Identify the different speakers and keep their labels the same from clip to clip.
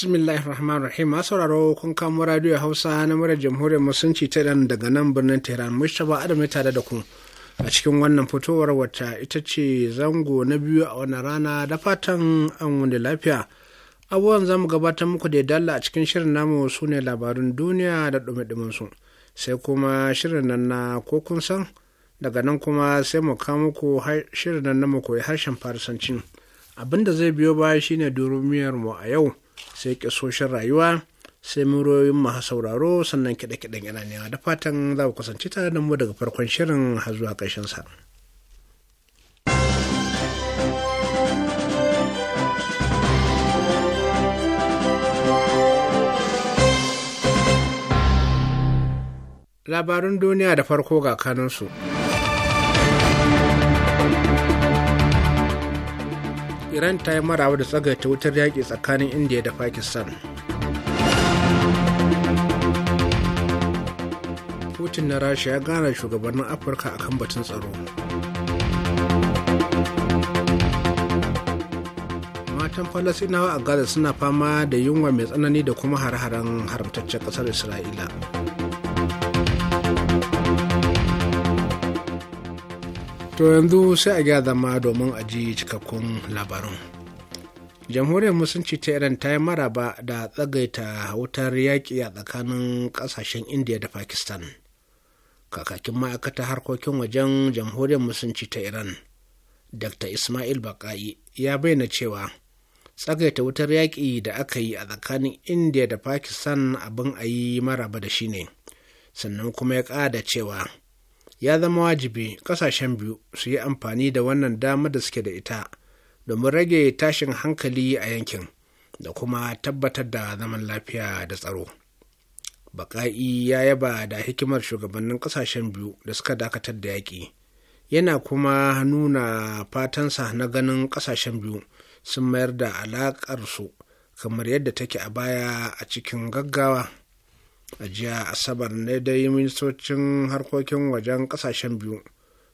Speaker 1: bismillahir rahmanir rahim sauraro kun kamo radio hausa na murar jamhuriyar musulunci ta dan daga nan birnin tehran mun shaba adamu tare da ku a cikin wannan fitowar wata ita ce zango na biyu a wannan rana da fatan an wani lafiya abubuwan zamu gabatar muku da dalla a cikin shirin namu su ne labarun duniya da dumi su sai kuma shirin nan na ko kun san daga nan kuma sai mu kawo muku shirin nan na mu koyi harshen farisancin abin da zai biyo baya shine durumiyar mu a yau sai kisoshin rayuwa sai muroyin masu sauraro sannan kiɗe-kiɗen yananewa da fatan za ku kasance tare da mu daga farkon shirin har zuwa ƙarshen sa. Labarin duniya da farko ga kanunsu. iran ta yi marawa da tsagaita wutar yaƙi tsakanin Indiya da pakistan putin na rasha ya gana shugabannin afirka a kan batun tsaro matan falasinawa a gaza suna fama da yunwa mai tsanani da kuma hare-haren haramtaccen ƙasar isra'ila to yanzu sai a gyara zama domin a ji cikakkun labarun. jamhuriyar musulunci ta iran ta yi maraba da tsagaita wutar yaƙi a tsakanin ƙasashen indiya da pakistan kakakin ma'aikatar harkokin wajen jamhuriyar musulunci ta iran dr ismail bakayi ya bayyana cewa tsagaita wutar yaƙi da aka yi a tsakanin indiya da pakistan abin a yi maraba da shi ne sannan kuma ya ƙada cewa ya zama wajibi ƙasashen biyu su yi amfani da wannan dama da suke da ita domin rage tashin hankali a yankin da kuma tabbatar da zaman lafiya da tsaro baƙa'i ya yaba da hikimar shugabannin ƙasashen biyu da suka dakatar da yaƙi yana kuma nuna fatansa na ganin ƙasashen biyu sun mayar da alaƙarsu kamar yadda take a baya a cikin gaggawa a jiya asabar ne dai ministocin harkokin wajen kasashen biyu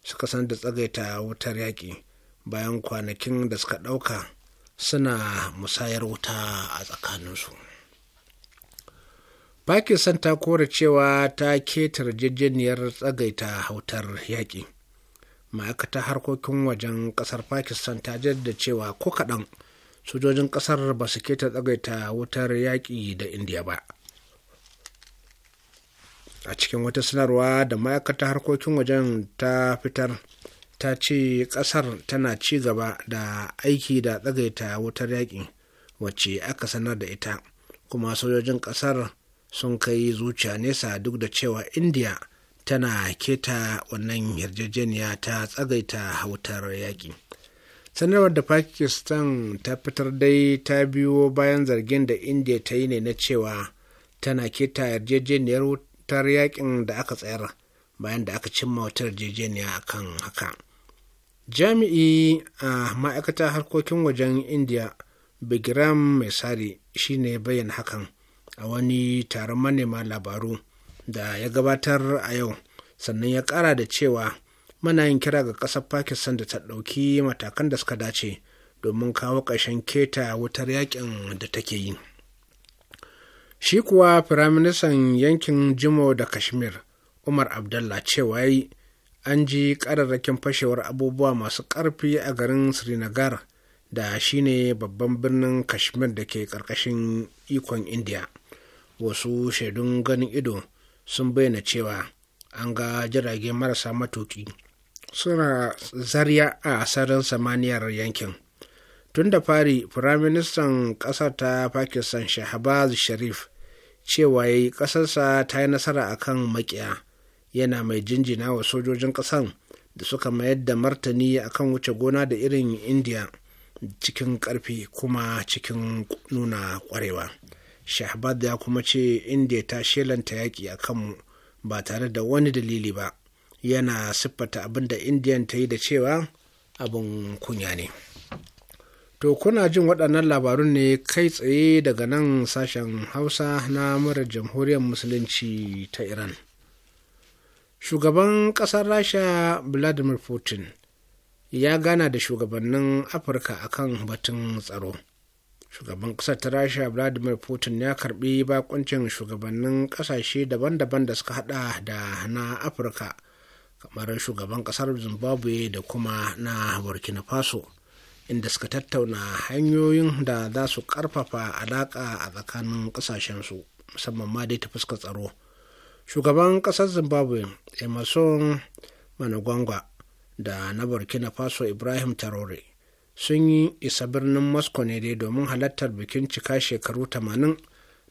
Speaker 1: suka san da tsagaita wutar yaƙi bayan kwanakin da suka ɗauka suna musayar wuta a tsakaninsu pakistan ta kore cewa ta keta jejjeniyar tsagaita wutar yaƙi ma'aikatar harkokin wajen ƙasar pakistan ta jaddada cewa ko kaɗan sojojin ƙasar ba su keta tsagaita wutar yaƙi da indiya ba a cikin wata sanarwa da ma'aikatar harkokin wajen ta fitar ta ce kasar tana ci gaba da aiki da tsagaita wutar yaƙi wacce aka sanar da ita kuma sojojin kasar sun kai zuciya nesa duk da cewa india tana keta wannan yarjejeniya ta tsagaita wutar yaƙi sanarwar da pakistan ta fitar dai ta biyo bayan zargin da india ta yi ne na cewa tana keta yarjejeniyar Wutar yakin da aka tsayar bayan da aka cimma wata yarjejeniya kan haka jami'i a ma'aikatar harkokin wajen india bigram maisari shine bayyana hakan a wani taron manema labaru da ya gabatar a yau sannan ya kara da cewa muna yin kira ga ƙasar pakistan da ta ɗauki matakan da suka dace domin kawo ƙarshen keta wutar yakin da take yi. shi kuwa firaministan yankin jimo da kashmir umar Abdullah cewa yi an ji ƙararrakin fashewar abubuwa masu ƙarfi a garin srinagar da shine babban birnin kashmir da ke ƙarƙashin ikon india wasu shaidun ganin ido sun bayyana cewa an ga jirage marasa matuki suna zarya a sararin samaniyar yankin tun da fari firaministan ƙasar ta pakistan shahbaz sharif cewa ya yi ƙasarsa ta yi nasara a kan maƙiya yana mai jinjina wa sojojin ƙasan da suka mayar da martani a kan wuce gona da irin indiya cikin karfi kuma cikin nuna ƙwarewa shahbaz ya kuma ce indiya ta shelanta yaƙi a kanmu ba tare da wani dalili ba yana siffata abin da indiyan ta yi da cewa abin kunya ne. To kuna jin waɗannan labarun ne kai tsaye daga nan sashen Hausa na mara jamhuriyar Musulunci ta Iran. Shugaban ƙasar Rasha Vladimir Putin ya gana da shugabannin Afirka a kan batun tsaro. Shugaban ƙasar ta Rasha Vladimir Putin ya karɓi bakuncin shugabannin ƙasashe daban-daban da suka haɗa da na Afirka, kamar shugaban ƙasar Zimbabwe da kuma na Burkina Faso. inda suka tattauna hanyoyin da za su karfafa alaƙa a tsakanin su, musamman ma dai ta fuskar tsaro shugaban ƙasar zimbabwe emerson managwangwa da na burkina faso ibrahim tarore sun yi isa birnin moscow ne dai domin halartar bikin cika shekaru 80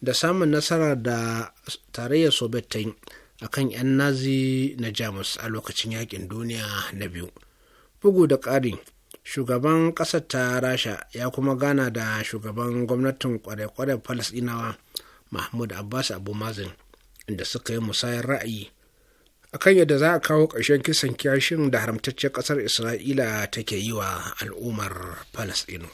Speaker 1: da samun nasara da tarayyar soviet ta yi a kan 'yan nazi na jamus a lokacin yakin duniya na biyu bugu da ƙari shugaban ƙasar ta rasha ya kuma gana da shugaban gwamnatin kwarai-kwarai falasɗinawa mahmud abbas abu mazin inda suka yi musayar ra'ayi akan yadda za a kawo ƙarshen kisan kyashin da haramtacciyar ƙasar isra'ila take yi wa al'ummar falasɗinu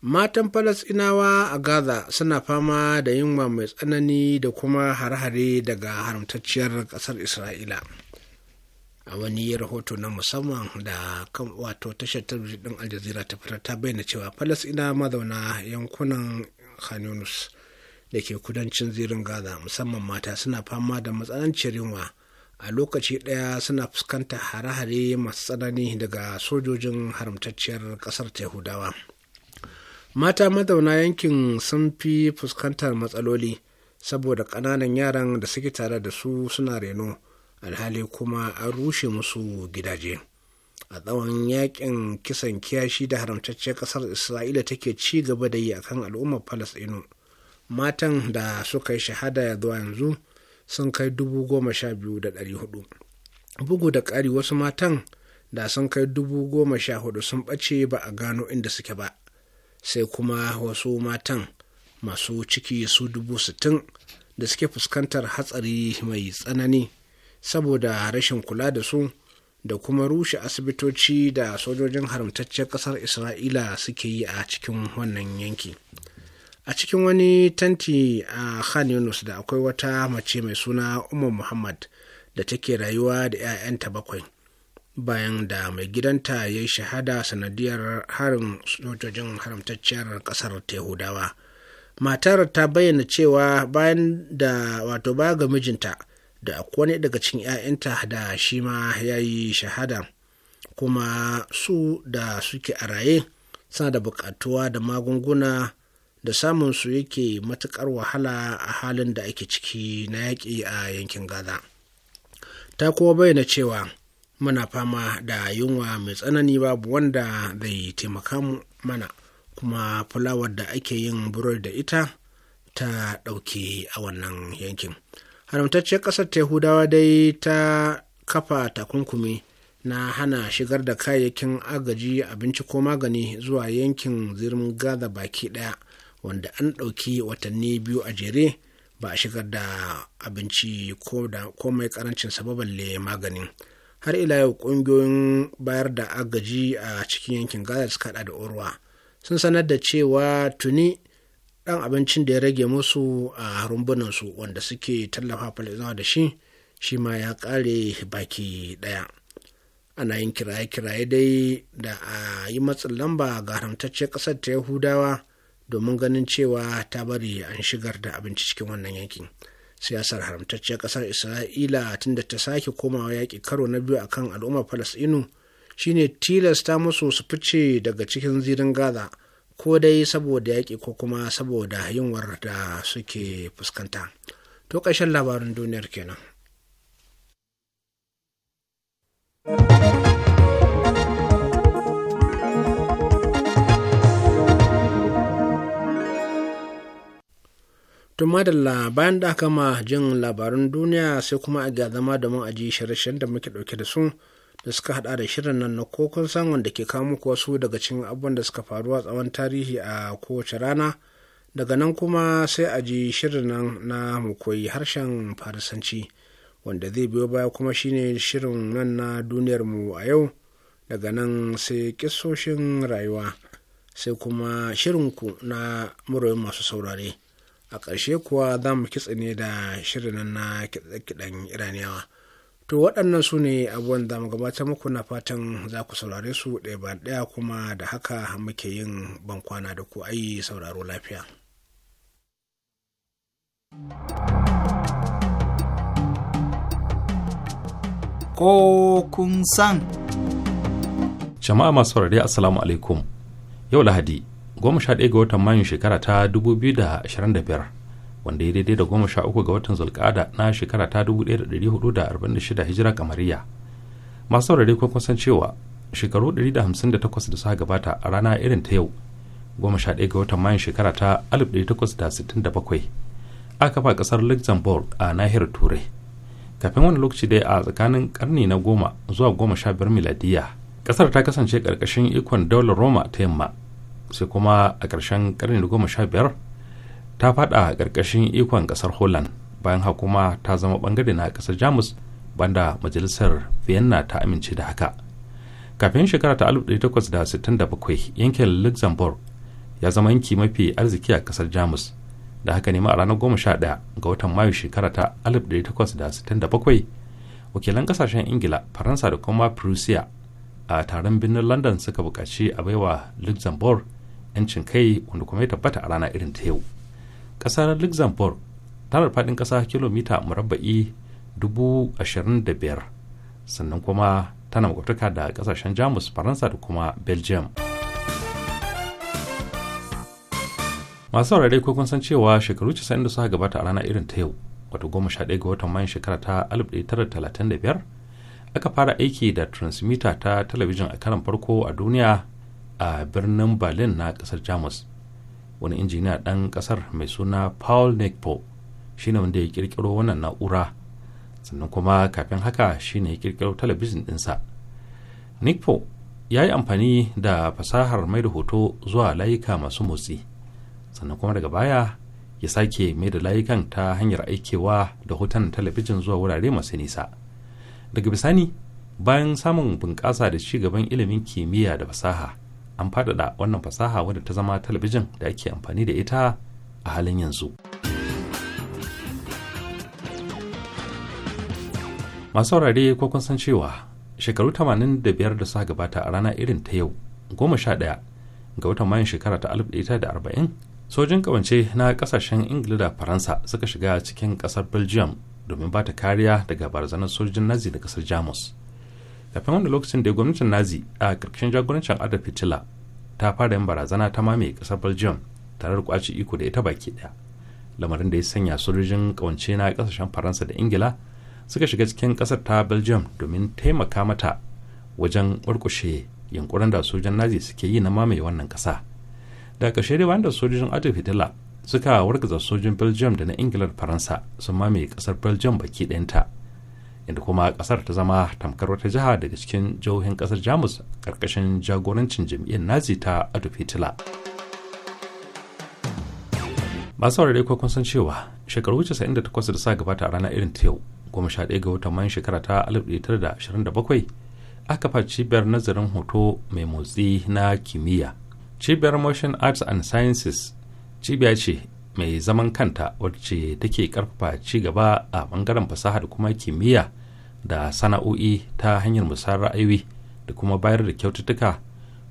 Speaker 1: matan falasɗinawa a gaza suna fama da yunwa mai tsanani da kuma hare-hare daga haramtacciyar ƙasar isra'ila a wani rahoto na musamman da kan wato tashar talabijin din aljazira ta fitar ta bayyana cewa falasina mazauna yankunan hanunus da ke kudancin zirin gaza musamman mata suna fama da matsananciyar yunwa a lokaci ɗaya suna fuskanta hare-hare masu tsanani daga sojojin haramtacciyar ƙasar yahudawa mata mazauna yankin sun fi fuskantar matsaloli saboda ƙananan yaran da suke tare da su suna reno alhali kuma an rushe musu gidaje a tsawon yakin kisan kiyashi da haramtacce kasar isra'ila take ci gaba da yi a kan al'ummar falasɗinu matan da suka yi shahada ya zuwa yanzu sun kai dubu goma sha biyu da ɗari hudu bugu da ƙari wasu matan da sun kai dubu goma sha hudu sun ɓace ba a gano inda suke ba sai kuma wasu matan masu ciki su dubu sittin da suke fuskantar hatsari mai tsanani saboda rashin kula da su da kuma rushe asibitoci da sojojin haramtaccen ƙasar isra'ila suke yi a cikin wannan yanki a cikin wani tanti a khan yunus da akwai wata mace mai suna umar muhammad da take rayuwa da 'ya'yanta bakwai bayan da mai gidanta ya yi shahada sanadiyar harin sojojin haramtacciyar ƙasar tehudawa matar ta bayyana cewa bayan da wato baya ga mijinta da wani daga cikin 'ya'yanta da shi ma ya yi shahada kuma su da suke a raye suna da buƙatuwa da magunguna da samun su yake matuƙar wahala a halin da ake ciki na yaƙi a yankin gaza ta kuma bayyana cewa muna fama da yunwa mai tsanani babu wanda zai taimaka mana kuma fulawar da ake yin burodi da ita ta ɗauke a wannan yankin haramtacciyar ƙasar ta yahudawa dai ta kafa takunkumi na hana shigar da kayayyakin agaji abinci ko magani zuwa yankin zirin gaza baki ɗaya wanda an ɗauki watanni biyu a jere ba a shigar da abinci ko mai karancin le magani har ila yau ƙungiyoyin bayar da agaji a cikin yankin gaza suka da orwa sun sanar da cewa tuni ɗan abincin da ya rage musu a rumbunansu wanda suke tallafa falizawa da shi shi ma ya ƙare baki ɗaya ana yin kiraye-kiraye dai da a yi matsin lamba ga haramtacciyar ƙasar ta yahudawa domin ganin cewa ta bari an shigar da abinci cikin wannan yankin siyasar haramtacciyar ƙasar isra'ila tunda ta sake komawa yaƙi karo na biyu akan al'ummar falasɗinu shine tilasta musu su fice daga cikin zirin gaza ko dai saboda yaƙi ko kuma saboda yunwar da suke fuskanta to ƙarshen labarin duniyar kenan Tumma madalla bayan da aka ma jin labarun duniya sai kuma a ga zama domin a ji shirye-shiryen da muke ɗauke da su da suka hada da shirin nan na kokon san wanda ke kawo muku wasu daga cikin abubuwan da suka faru a tsawon tarihi a kowace rana daga nan kuma sai a ji shirin nan na mu koyi harshen farisanci wanda zai biyo baya kuma shine shirin nan na duniyar mu a yau daga nan sai kisoshin rayuwa sai kuma shirin ku na murayin masu saurare a ƙarshe kuwa za mu kitse ne da shirin nan na kiɗan iraniyawa to waɗannan su ne abubuwan da mu gabatar muku na fatan za ku saurare su ɗaya ba ɗaya kuma da haka muke yin ban kwana da ku ayi sauraro
Speaker 2: lafiya. Ko kun san.
Speaker 3: Jama'a masu saurare Assalamu alaikum. Yau Lahadi, goma sha ɗaya ga watan Mayun shekara ta 2025. wanda ya daidai da goma sha uku ga watan zulkada na shekara ta dubu da da da hudu arba'in shida hijira kamariya masu saurare kun san cewa shekaru ɗari da hamsin da da takwas suka gabata a rana irin ta yau goma sha ɗaya ga watan mayun shekara ta 1867 aka kafa ƙasar luxembourg a nahiyar turai kafin wani lokaci dai a tsakanin karni na goma zuwa goma sha biyar miladiya ƙasar ta kasance ƙarƙashin ikon daular roma ta yamma sai kuma a ƙarshen karni na goma sha biyar ta fada ƙarƙashin ikon ƙasar holland bayan hakuma ta zama bangare na ƙasar jamus banda majalisar vienna ta amince da haka kafin shekara ta 1867 yankin luxembourg ya zama yanki mafi arziki a ƙasar jamus da haka ne a ranar 11 ga watan mayu shekara ta 1867 wakilan ƙasashen ingila faransa da kuma prussia a taron birnin london suka buƙaci a baiwa luxembourg 'yancin kai wanda kuma ya tabbata a rana irin ta yau kasar luxembourg tana fadin kasa kilomita murabba'i 25,000 sannan kuma tana makwabtaka da kasashen jamus faransa da kuma belgium masu saurare ko kun san cewa shekaru 90 da suka gabata a rana irin ta yau wato 11 ga watan mayan shekara ta 1935 aka fara aiki da transmitter ta talabijin a karan farko a duniya a birnin berlin na kasar jamus wani injiniya ɗan ƙasar mai suna paul nekpo ne wanda ya ƙirƙiro wannan na'ura sannan kuma kafin haka shi shine ya ƙirƙiro talabijin ɗinsa nekpo ya yi amfani da fasahar mai da hoto zuwa layuka masu motsi sannan kuma daga baya ya sake mai da layukan ta hanyar aikewa da hoton talabijin zuwa wurare masu nisa daga bisani bayan samun bunƙasa da ci ilimin kimiyya da fasaha an faɗaɗa wannan fasaha wadda ta zama talabijin da ake amfani da ita a halin yanzu. masu saurare ko kun san cewa shekaru 85 da suka gabata a rana irin ta yau goma sha ɗaya ga watan mayun shekara ta 1940 sojin kawance na kasashen ingila da faransa suka shiga cikin ƙasar belgium domin ba ta kariya daga barazanar sojin nazi da ƙasar jamus kafin wani lokacin da gwamnatin nazi a ƙarshen jagorancin adolf hitler ta fara yin barazana ta mamaye ƙasar belgium tare da kwace iko da ita baki ɗaya lamarin da ya sanya sojojin ƙawance na ƙasashen faransa da ingila suka shiga cikin ƙasar ta belgium domin taimaka mata wajen urkushe yunkurin da sojan nazi suke yi na mamaye wannan ƙasa da ƙarshe dai da sojojin adolf hitler suka wargaza sojin belgium da na ingila faransa sun mamaye ƙasar belgium baki ɗayanta inda kuma kasar ta zama tamkar wata jiha daga cikin jihohin kasar jamus karkashin jagorancin jam'iyyar nazi ta adolf hitler masu saurare kun san cewa shekaru 98 da sa gabata a ranar irin ta yau goma sha ɗaya ga watan mayan shekara ta 1927 aka fa cibiyar nazarin hoto mai motsi na kimiyya cibiyar motion arts and sciences cibiya ce mai zaman kanta wacce take karfafa ci gaba a bangaren fasaha da kuma kimiyya da sana'o'i ta hanyar musayar ra'ayoyi da kuma bayar da kyaututtuka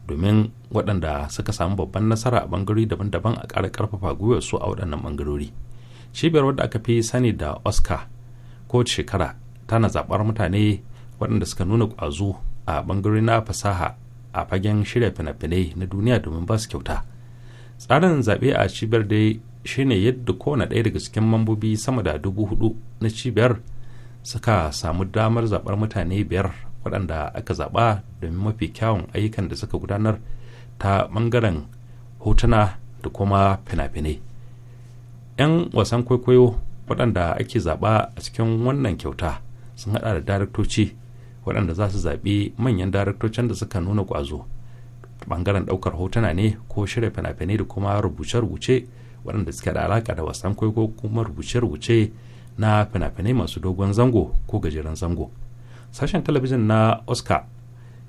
Speaker 3: domin waɗanda suka samu babban nasara a bangarori daban-daban a ƙara karfafa gwiwar su a waɗannan bangarori cibiyar wadda aka fi sani da oscar ko shekara tana zaɓar mutane waɗanda suka nuna ƙwazo a bangarori na fasaha a fagen shirya fina-finai na duniya domin ba su kyauta tsarin zaɓe a cibiyar dai shine yadda kowane ɗaya daga cikin mambobi sama da dubu hudu na cibiyar suka samu damar zaɓar mutane biyar waɗanda aka zaɓa domin mafi kyawun ayyukan da suka gudanar ta ɓangaren hotuna da kuma fina-finai 'yan wasan kwaikwayo waɗanda ake zaɓa a cikin wannan kyauta sun haɗa da daraktoci waɗanda za su zaɓi manyan daraktocin da suka nuna ƙwazo ɓangaren ɗaukar hotuna ne ko shirya fina-finai da kuma rubuce-rubuce waɗanda suke da alaka da wasan kwaikwayo kuma rubuce-rubuce na fina-finai masu dogon zango ko gajeren zango sashen talabijin na oscar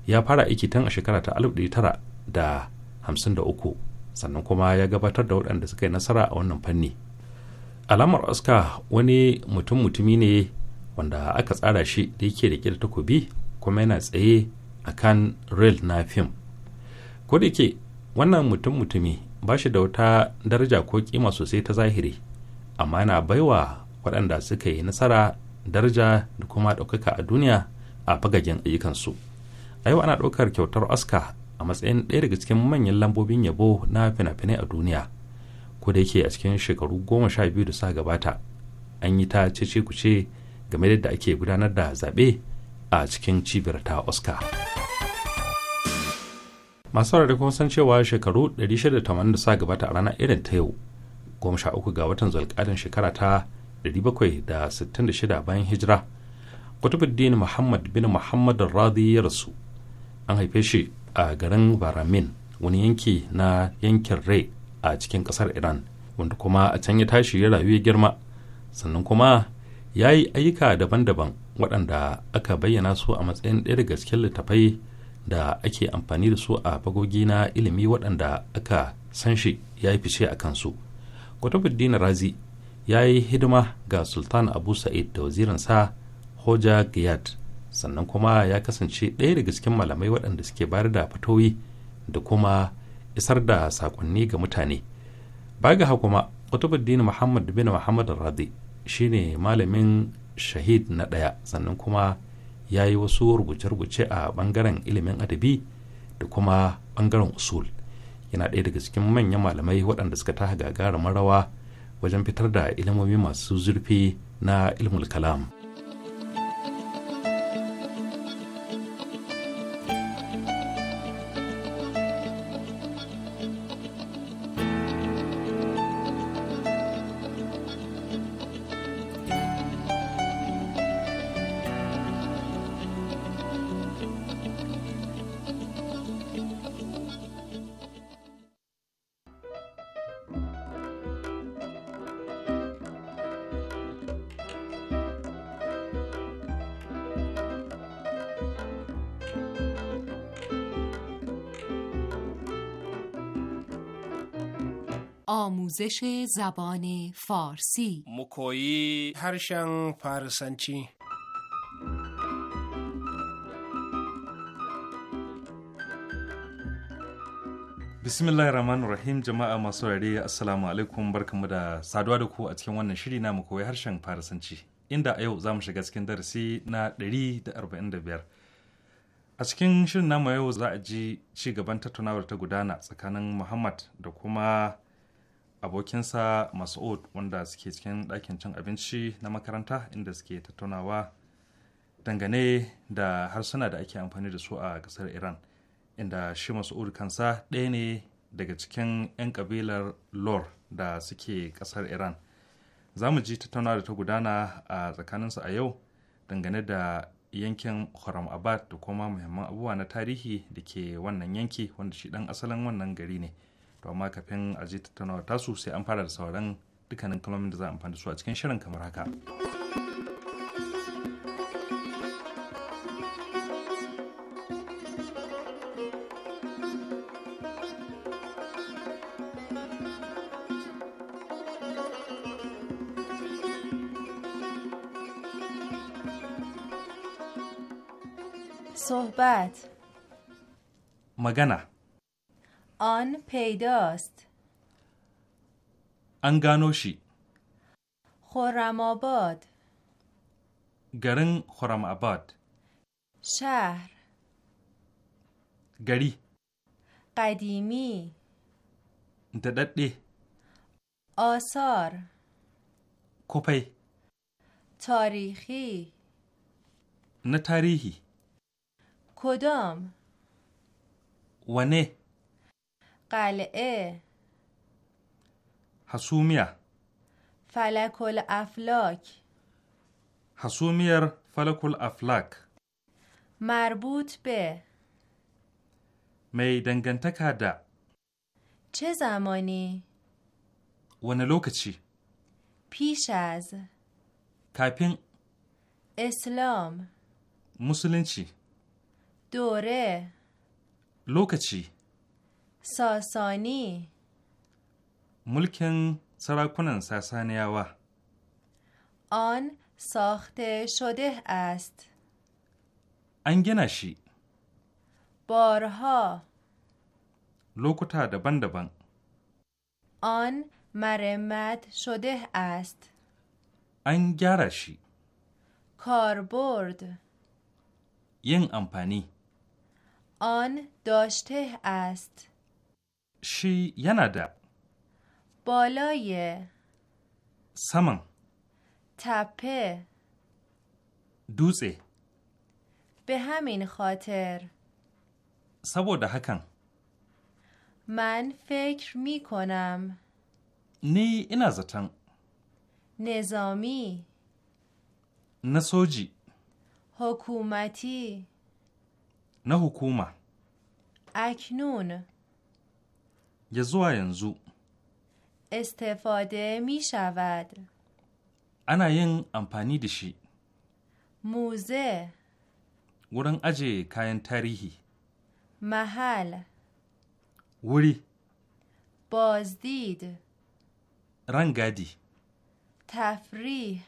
Speaker 3: ya fara aiki tun a shekara ta da hamsin 1953 sannan kuma ya gabatar da waɗanda suka yi nasara a wannan fanni alamar oscar wani mutum mutumi ne wanda aka tsara shi da yake da da takobi kuma yana tsaye a kan rail na fim ko da yake wannan mutum mutumi ba shi da wata daraja ko kima sosai ta zahiri amma yana baiwa waɗanda suka yi nasara daraja da kuma ɗaukaka a duniya a fagagen ayyukansu a yau ana ɗaukar kyautar oscar a matsayin ɗaya daga cikin manyan lambobin yabo na fina-finai a duniya ko da yake a cikin shekaru goma sha biyu da sa gabata an yi ta cece kuce game da yadda ake gudanar da zaɓe a cikin cibiyar ta oscar masu sarari kuma san cewa shekaru 680 da sa gabata a ranar irin ta yau goma uku ga watan zulƙadin shekara ta 766 bayan hijira kutubuddin muhammad bin muhammad radi ya rasu an haife shi a garin baramin wani yanki na yankin rai a cikin kasar iran wanda kuma a can ya tashi ya rayu ya girma sannan kuma ya yi ayyuka daban-daban waɗanda aka bayyana su a matsayin ɗaya daga cikin littafai da ake amfani da su a fagogi na ilimi waɗanda aka san shi ya yi fice a kansu Kwatabuddin razi ya yi hidima ga sultan abu sa'id da wazirinsa hoja giyad sannan kuma ya kasance ɗaya daga cikin malamai waɗanda suke bayar da fatoyi da kuma isar da sakonni ga mutane baga hakuma Kwatabuddin muhammad bin muhammad radi shine malamin shahid na ɗaya sannan kuma ya yi wasu rubuce-rubuce a bangaren ilimin adabi da kuma bangaren usul yana ɗaya daga cikin manyan malamai waɗanda suka taha gagarumin rawa wajen fitar da ilimomi masu zurfi na ilmul kalam.
Speaker 4: آموزش زبان فارسی
Speaker 1: مکویی هرشن فارسنچی
Speaker 3: بسم الله rahim jama'a masu rare assalamu alaikum da saduwa da ku a cikin wannan shiri na mu koyi harshen farisanci inda a yau za mu shiga cikin darasi na 145 a cikin shirin namu yau za a ji ci gaban tattaunawar ta gudana tsakanin muhammad da kuma abokinsa Mas'ud wanda suke cikin ɗakin cin abinci na makaranta inda suke tattaunawa dangane da harsuna da ake amfani da su a ƙasar Iran inda shi Mas'ud kansa ɗaya ne daga cikin 'yan ƙabilar Lor da suke ƙasar Iran. Za mu ji tattaunawa da ta gudana a tsakaninsu a yau dangane da yankin Khurram Abad da kuma muhimman abubuwa na tarihi da ke wannan yanki wanda shi ɗan asalin wannan gari ne. to amma kafin a je tattaunawa tasu sai an fara da sauran dukkanin kalmomin da za a amfani da su a cikin shirin kamar haka
Speaker 4: صحبت magana. پیداست
Speaker 3: انگانوشی
Speaker 4: آباد
Speaker 3: گرن خورم آباد
Speaker 4: شهر گری قدیمی ددده آثار کپی تاریخی
Speaker 3: نه تاریخی
Speaker 4: کدام ونه قلعه
Speaker 3: حسومیه
Speaker 4: فلک افلاک
Speaker 3: حسومیر فلک افلاک
Speaker 4: مربوط به
Speaker 3: می دنگنتک هده
Speaker 4: چه زمانی؟
Speaker 3: ونلوک چی؟
Speaker 4: پیش از کپین اسلام
Speaker 3: مسلم چی؟
Speaker 4: دوره
Speaker 3: لوکچی
Speaker 4: ساسانی
Speaker 3: ملکن سراکنن ساسانیاوا
Speaker 4: آن ساخته شده است
Speaker 3: انگنشی
Speaker 4: بارها
Speaker 3: لوکوتا دبن دبن
Speaker 4: آن مرمت شده است
Speaker 3: انگرشی
Speaker 4: کاربرد
Speaker 3: ین امپانی
Speaker 4: آن داشته است
Speaker 3: شی ینا
Speaker 4: بالای سمن تپه دوزه به همین خاطر
Speaker 3: سبوده هکن
Speaker 4: من فکر می کنم
Speaker 3: نی اینا زتن
Speaker 4: نظامی
Speaker 3: نسوجی
Speaker 4: حکومتی
Speaker 3: نه حکومه
Speaker 4: اکنون
Speaker 3: یه زوا ینزو
Speaker 4: استفاده می شود
Speaker 3: انا ین امپانی دشی
Speaker 4: موزه
Speaker 3: ورن اجه کاین تاریخی
Speaker 4: محل وری بازدید
Speaker 3: رنگادی
Speaker 4: تفریح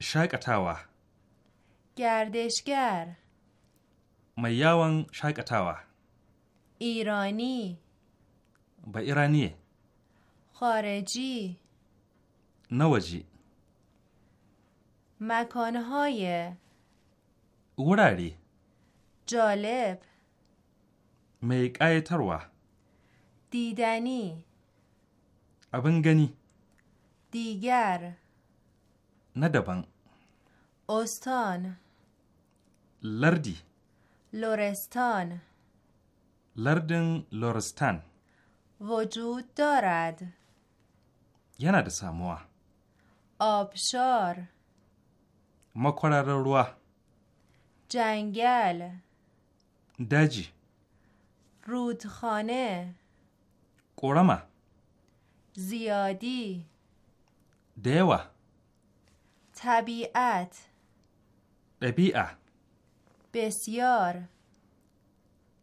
Speaker 3: شاکتاوا
Speaker 4: گردشگر
Speaker 3: میاون شاکتاوا
Speaker 4: ایرانی
Speaker 3: با ایرانیه
Speaker 4: خارجی نوجی مکانهای وراری جالب
Speaker 3: میکای تروه
Speaker 4: دیدنی ابنگنی دیگر ندبن استان لردی لورستان
Speaker 3: لردن لورستان
Speaker 4: وجود دارد
Speaker 3: یه نده ساموه
Speaker 4: آبشار
Speaker 3: مکرر روه
Speaker 4: جنگل دجی رودخانه قرمه زیادی دیوه طبیعت طبیعه بسیار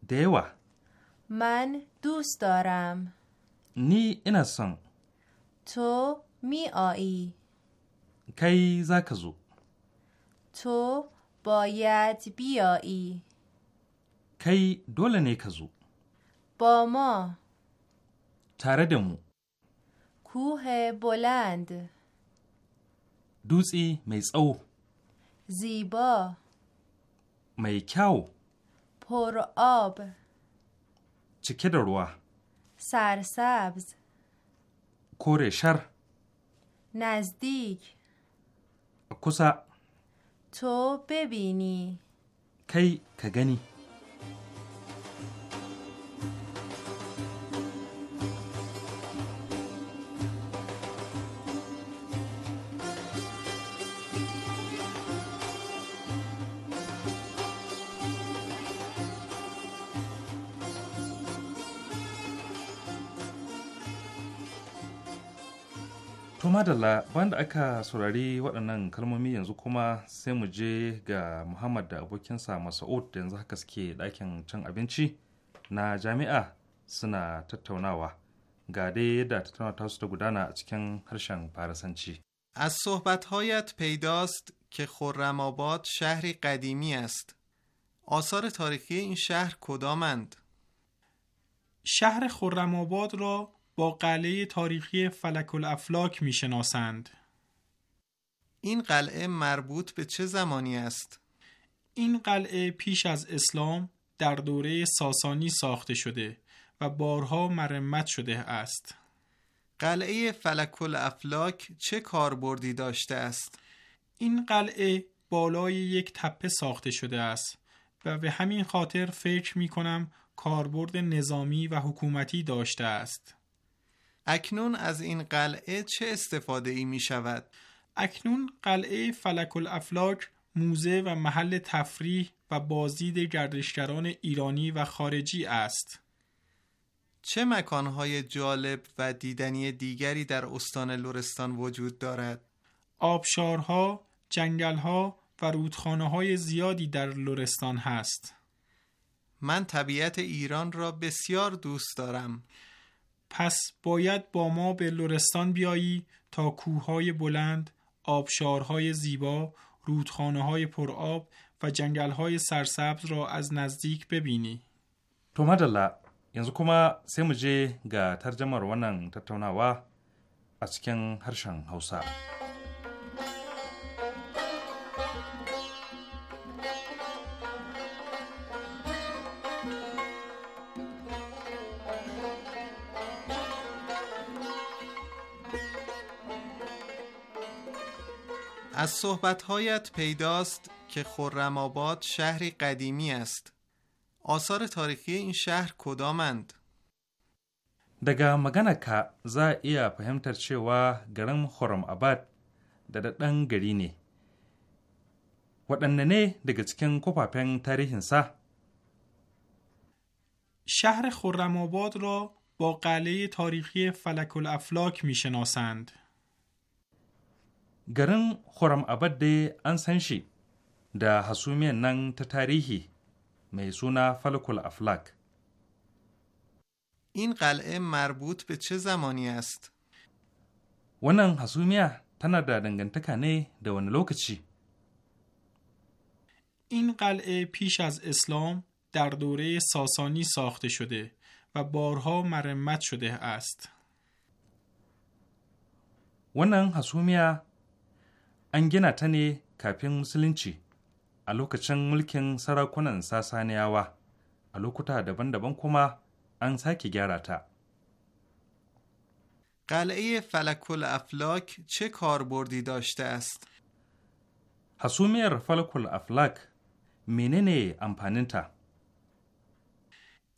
Speaker 4: دیوه من دوست دارم
Speaker 3: نی اینا
Speaker 4: تو می آیی
Speaker 3: کی زکزو
Speaker 4: تو باید بیایی
Speaker 3: کی دول نیکزو
Speaker 4: با ما تردمو کوه بلند
Speaker 3: دوزی میز او
Speaker 4: زیبا
Speaker 3: میکاو
Speaker 4: پر آب cike da ruwa. Sarsabs.
Speaker 3: Kore shar.
Speaker 4: Nazdik. kusa. To bebe ne.
Speaker 3: Kai ka gani. madalla banda aka saurari waɗannan kalmomi yanzu kuma sai mu je ga muhammad da abokinsa masa'ud da yanzu haka suke ɗakin cin abinci na jami'a suna tattaunawa ga dai yadda tattaunawa su ta gudana a cikin harshen farasanci از صحبتهایت پیداست که
Speaker 5: خرم آباد شهری قدیمی است. آثار تاریخی این شهر کدامند؟ شهر خرم آباد را با قلعه تاریخی فلک الافلاک می شناسند. این قلعه مربوط به چه زمانی است؟ این قلعه پیش از اسلام در دوره ساسانی ساخته شده و بارها مرمت شده است. قلعه فلک الافلاک چه کاربردی داشته است؟ این قلعه بالای یک تپه ساخته شده است و به همین خاطر فکر می کنم کاربرد نظامی و حکومتی داشته است. اکنون از این قلعه چه استفاده ای می شود؟ اکنون قلعه فلک الافلاک موزه و محل تفریح و بازدید گردشگران ایرانی و خارجی است. چه مکانهای جالب و دیدنی دیگری در استان لرستان وجود دارد؟ آبشارها، جنگلها و رودخانه های زیادی در لرستان هست. من طبیعت ایران را بسیار دوست دارم. پس باید با ما به لرستان بیایی تا کوههای بلند، آبشارهای زیبا، رودخانههای پرآب و های سرسبز را از نزدیک ببینی.
Speaker 3: تو مدلا کما سمجه گه گا ترجمه ga ونن و از هرشن
Speaker 5: از صحبتهایت پیداست که خرم آباد شهری قدیمی است آثار تاریخی
Speaker 3: این شهر کدامند دگه مگن زا ایه فهمتر چیوه گریم خرم آباد د ددان گری نی ونن نی دگه چیکین کپاپن
Speaker 5: شهر خرم آباد را با قلعه تاریخی فلک الافلاک
Speaker 3: میشناسند garin khuram Abad da an san shi da hasumiyar nan ta tarihi mai suna Falkul Aflak. in قلعه marbut be ce zamani ast wannan hasumiya tana da dangantaka ne da wani lokaci.
Speaker 5: این قلعه پیش از اسلام در دوره ساسانی ساخته شده و بارها مرمت شده است.
Speaker 3: ونن hasumiya an gina ta ne kafin musulunci a lokacin mulkin sarakunan sasaniyawa a lokuta daban-daban kuma an sake قلعه فلکل افلاک چه کاربردی داشته است؟ حسومیر فلکل افلاک مننه امپاننتا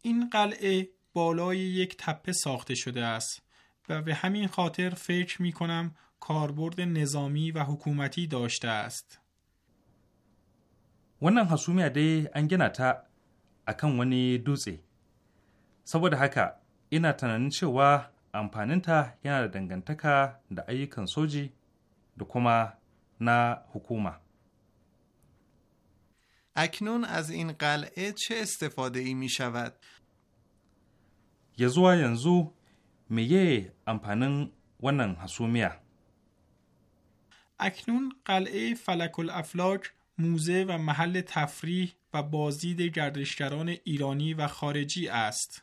Speaker 5: این قلعه بالای یک تپه ساخته شده است و به همین خاطر فکر می کنم کاربرد نظامی و حکومتی داشته است.
Speaker 3: wannan hasumiya dai an gina ta a kan wani dutse saboda haka ina tunanin cewa amfaninta yana da dangantaka da ayyukan soji da kuma na hukuma aknun از این قلعه چه استفاده ای می شود؟ یزوا ینزو میه amfanin wannan hasumiya.
Speaker 5: اکنون قلعه فلک الافلاک موزه و محل تفریح و بازدید گردشگران ایرانی و
Speaker 3: خارجی است.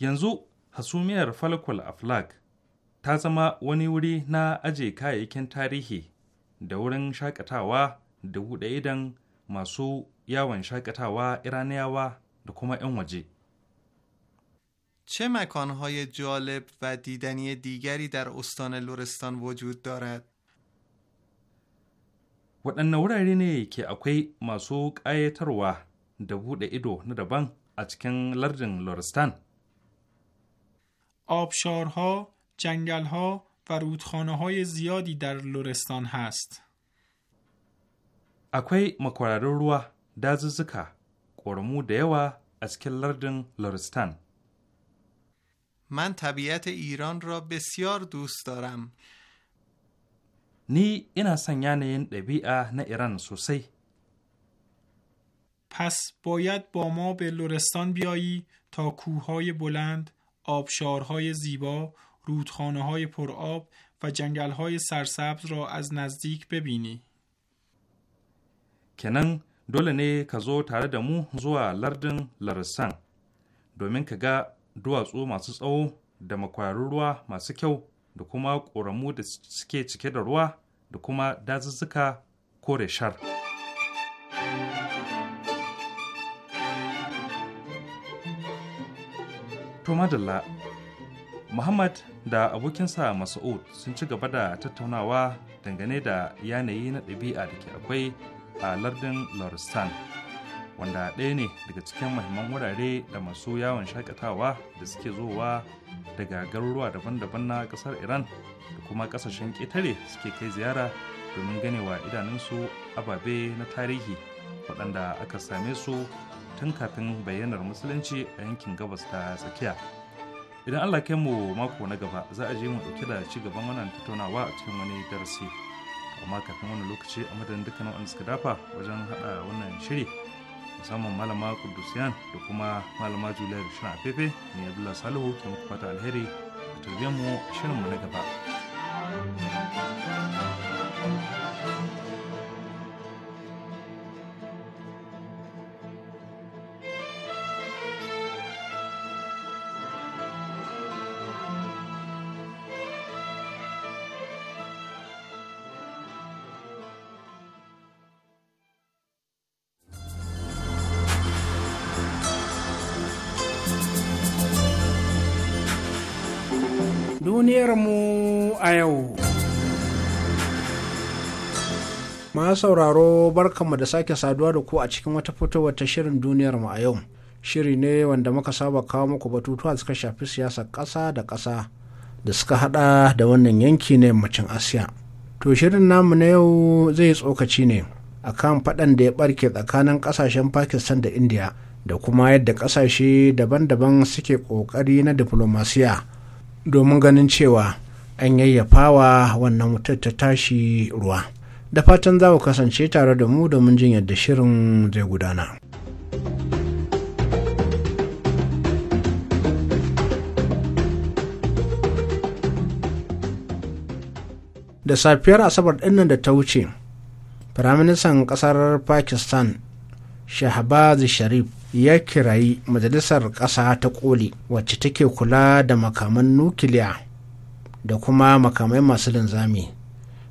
Speaker 3: ینزو حسومیر فلک الافلاک تا زما وانی وری نا اجی که ایکن تاریخی دورن شاکتاوا دو دیدن ماسو یاون شاکتاوا ایرانیاوا دکوما این وجی. چه مکانهای جالب و دیدنی دیگری در استان لورستان وجود دارد؟ waɗanne wurare ne ke akwai masu ƙayatarwa da buɗe ido na daban a cikin lardin loristan آبشارها،
Speaker 5: جنگلها و رودخانه های زیادی در لرستان هست.
Speaker 3: اکوی مکورارو روا داززکا قرمو دیوا از کلردن لرستان
Speaker 5: من طبیعت ایران را بسیار دوست دارم
Speaker 3: نی این سن یعنی ɗabi'a na ایران sosai.
Speaker 5: پس باید با ما به لرستان بیایی تا کوههای بلند، آبشارهای زیبا، رودخانه های پرآب و جنگل های سرسبز را از نزدیک ببینی.
Speaker 3: کنن dole ne زود zo دمو da لردن لرستان، دومین Larsan domin ka ga او masu او da da kuma ƙoramu da suke cike da ruwa da kuma dazuzzuka kore shar. To Muhammad da abokinsa Masu'ud sun ci gaba da tattaunawa dangane da yanayi na ɗabi'a da ke akwai a lardin Loristan. wanda ɗaya ne daga cikin mahimman wurare da masu yawon shakatawa da suke zowa daga garuruwa daban-daban na ƙasar iran da kuma ƙasashen ƙetare suke kai ziyara domin ganewa idanunsu ababe na tarihi waɗanda aka same su tun kafin bayyanar musulunci a yankin gabas ta tsakiya idan allah kai mu mako na gaba za a je mu ɗauke da ci gaban wannan tattaunawa a cikin wani darasi amma kafin wani lokaci a madadin dukkanin wanda suka dafa wajen haɗa wannan shiri musamman malama kudusiyan da kuma malama juliya da shirin afefe ne abdullahi salihu ke muku fata alheri a turbiyanmu shirinmu shirin mu na gaba.
Speaker 1: masu sauraro barkanmu da sake saduwa da ku a cikin wata fitowar ta shirin duniyar mu a yau shiri ne wanda muka saba kawo muku batutuwa suka shafi siyasar ƙasa da ƙasa da suka hada da wannan yanki na yammacin asiya to shirin namu na yau zai tsokaci ne akan faɗan da ya barke tsakanin ƙasashen pakistan da indiya da kuma yadda ƙasashe daban-daban suke ƙoƙari na diflomasiya domin ganin cewa an yayyafawa wannan mutum ta tashi ruwa da fatan za ku kasance tare da mu domin jin yadda shirin zai gudana. da safiyar asabar ɗinnan da ta wuce firaministan ƙasar pakistan shahbaz sharif ya kirayi majalisar ƙasa ta ƙoli wacce take kula da makaman nukiliya da kuma makamai masu linzami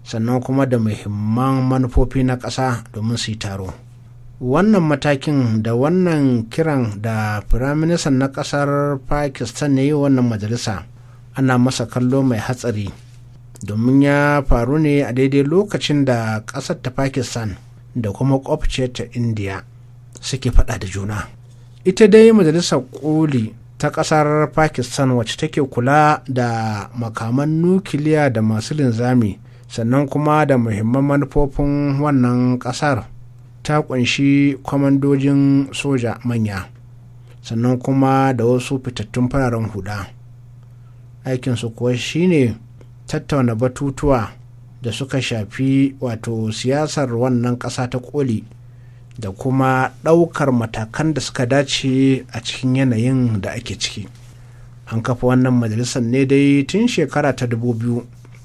Speaker 1: sannan kuma da muhimman manufofi na ƙasa domin su yi taro wannan matakin da wannan kiran da firaministan na ƙasar pakistan ne wannan majalisa ana masa kallo mai hatsari domin ya faru ne a daidai lokacin da ƙasar ta pakistan da kuma ta indiya suke faɗa da juna ita dai majalisar koli ta ƙasar pakistan wacce take kula da makaman nukiliya da masu linzami sannan kuma da muhimman manufofin wannan ƙasar ta kunshi kwamandojin soja manya sannan kuma da wasu fitattun fararen huda aikinsu kuwa shine tattauna batutuwa da suka shafi wato siyasar wannan ƙasa ta koli da kuma ɗaukar matakan da suka dace a cikin yanayin da ake ciki an kafa wannan majalisar ne dai tun shekara ta dubu biyu.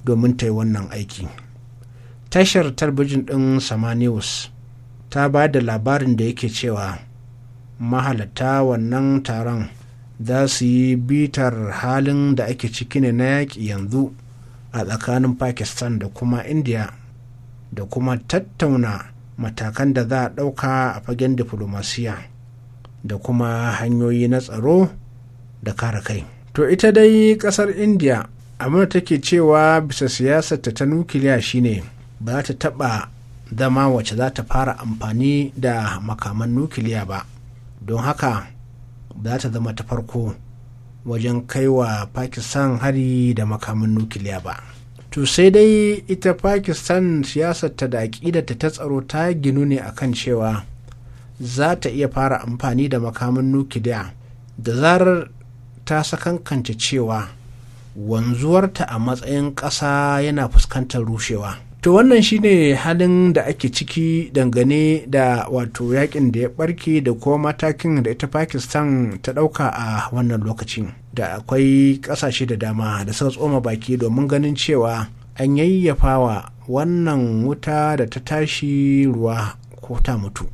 Speaker 1: domin ta yi wannan aiki tashar talbijin ɗin samanius ta ba da labarin da yake cewa mahalatta wannan taron za su yi bitar halin da ake ciki ne na yaƙi yanzu a tsakanin pakistan da kuma india da kuma tattauna matakan da za a ɗauka a fagen diflomasiya da kuma hanyoyi na tsaro da kare kai to ita dai ƙasar india abin da take cewa bisa siyasarta ta nukiliya shine ba za ta taɓa zama wacce za ta fara amfani da makaman nukiliya ba don haka ba za ta zama ta farko wajen kai wa pakistan hari da makaman nukiliya ba to sai dai ita pakistan siyasarta da aƙida ta tsaro ta ginu ne akan cewa za ta iya fara amfani da makaman nukiliya da zarar ta sakankance cewa wanzuwarta a matsayin ƙasa yana fuskantar rushewa to wannan shine halin da ake ciki dangane da wato yakin da ya barke da kuma matakin da ita pakistan ta ɗauka a wannan lokacin da akwai ƙasashe da dama da suka tsoma baki domin ganin cewa an yayyafa wa wannan wuta da ta tashi ruwa ko ta mutu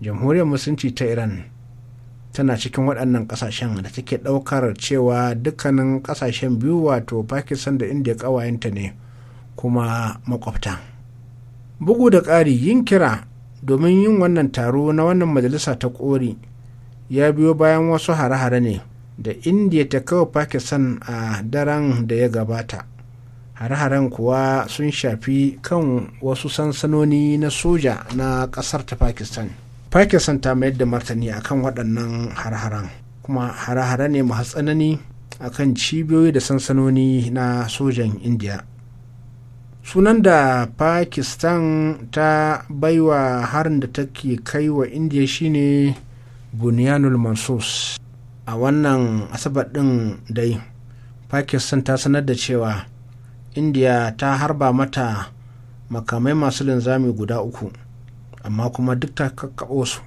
Speaker 1: jamhuriyar musulunci ta iran tana cikin waɗannan ƙasashen da take ɗaukar cewa dukkanin ƙasashen biyu wato pakistan da india ƙawayenta ne kuma makwabta bugu da ƙari yin kira domin yin wannan taro na wannan majalisa ta ƙori ya biyo bayan wasu hare-hare ne da india ta kawo pakistan a daren da ya gabata hare-haren kuwa sun shafi kan wasu sansanoni na soja na ƙasar ta pakistan pakistan ta mayar da martani akan waɗannan har-haren kuma har-hare ne masu tsanani akan cibiyoyi da sansanoni na sojan india sunan da pakistan ta baiwa harin da take kai wa india shine bunyanul mansus a wannan asabar ɗin dai pakistan ta sanar da cewa indiya ta harba mata makamai masu linzami guda uku amma kuma duk ta kakkaɓo su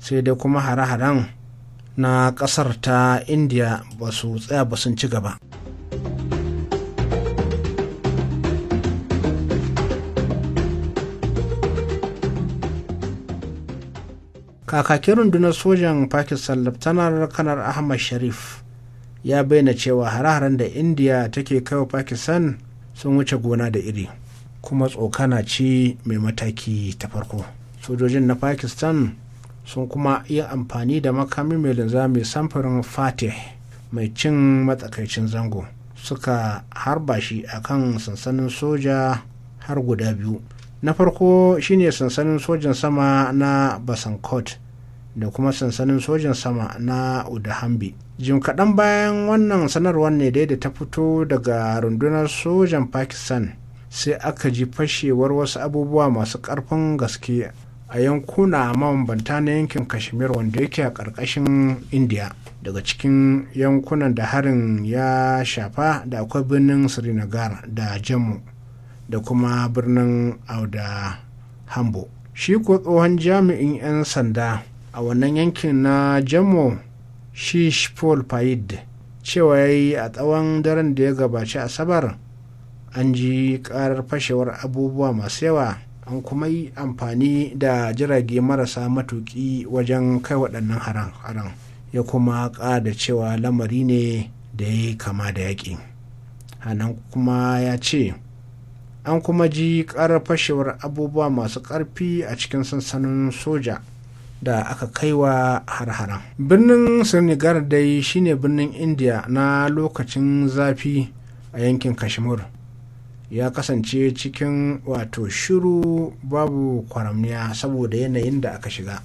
Speaker 1: sai dai kuma hare-haren na ƙasar ta indiya ba su tsaya ba sun ci gaba kakakin rundunar sojan pakistan laftanar kanar ahmad sharif ya bayyana cewa hare-haren da indiya take kaiwa pakistan sun wuce gona da iri kuma tsokana ce mai mataki ta farko sojojin na pakistan sun kuma yi amfani da makamin mai linzami samfurin fatih mai cin matsakaicin zango suka harba shi a kan sansanin soja har guda biyu na farko shine sansanin sojan sama na basankot da kuma sansanin sojan sama na udahambi jim kaɗan bayan wannan sanarwar ne dai da ta fito daga rundunar sojan pakistan sai aka ji fashewar wasu abubuwa masu ƙarfin gaske a yankuna mabambanta na yankin kashmir wanda yake a ƙarƙashin india daga cikin yankunan da harin ya shafa da akwai birnin srinagar da jammu da kuma birnin auda hambo shi ko tsohon jami'in 'yan sanda a wannan yankin na jammu shish paul faid cewa ya yi a tsawon daren da ya gabaci asabar an ji karar fashewar abubuwa masu yawa an kuma yi amfani da jirage marasa matuki wajen kai waɗannan haran ya kuma ƙada cewa lamari ne da ya yi kama da yaƙi hannun kuma ya ce an kuma ji ƙarar fashewar abubuwa masu ƙarfi a cikin sansanin soja da aka kaiwa har-haren birnin senegal dai shine birnin Indiya na lokacin zafi a yankin kashmir ya kasance cikin wato shiru babu kwaramniya saboda yanayin da aka shiga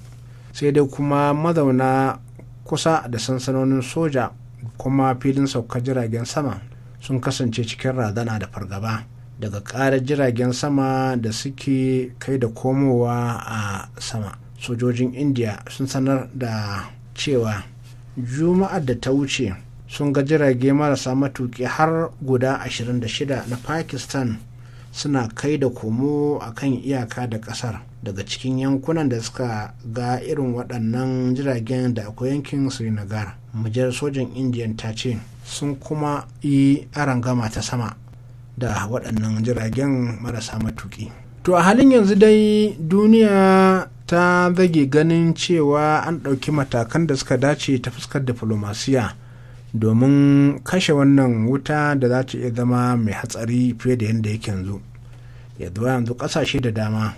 Speaker 1: sai dai kuma mazauna kusa da sansanonin soja kuma filin sauka jiragen sama sun kasance cikin razana da fargaba daga ƙara jiragen sama da suke kai da komowa a sama sojojin indiya sun sanar da cewa juma'ar da ta wuce sun ga jirage marasa matuki har guda 26 na pakistan suna kai da komo a kan iyaka da ƙasar daga cikin yankunan da suka ga irin waɗannan jiragen da akwai yankin srinagar mujar sojan indiyan ta ce sun kuma yi arangama ta sama da waɗannan jiragen marasa matuki. to a halin yanzu dai duniya ta zage ganin cewa an ɗauki matakan da suka dace ta fuskar diflomasiyya. domin kashe wannan wuta da za ta iya zama mai hatsari fiye da yadda yake yanzu yanzu yanzu kasashe da dama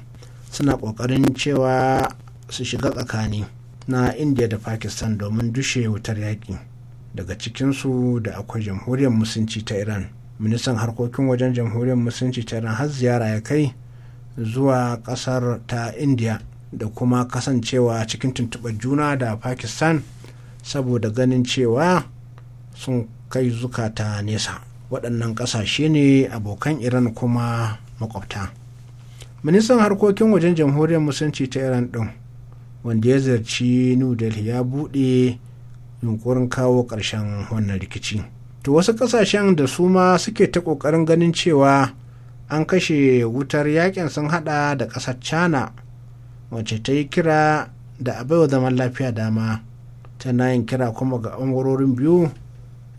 Speaker 1: suna kokarin cewa su shiga tsakani na india da pakistan domin dushe wutar yaƙi daga cikinsu da akwai jamhuriyar musulunci ta iran ministan harkokin wajen jamhuriyar musulunci ta iran har ziyara ya kai zuwa kasar ta india da kuma kasancewa cikin tuntuɓar juna da pakistan saboda ganin cewa sun kai zukata nesa waɗannan ƙasashe ne abokan iran kuma makwabta ministan harkokin wajen jamhuriyar musulunci ta iran ɗin wanda ya zarci new ya buɗe yunkurin kawo ƙarshen wannan rikici to wasu ƙasashen da su ma suke ta ƙoƙarin ganin cewa an kashe wutar yakin sun hada da ƙasar china wacce ta yi kira da abai wa zaman lafiya dama tana yin kira kuma ga ɓangarorin biyu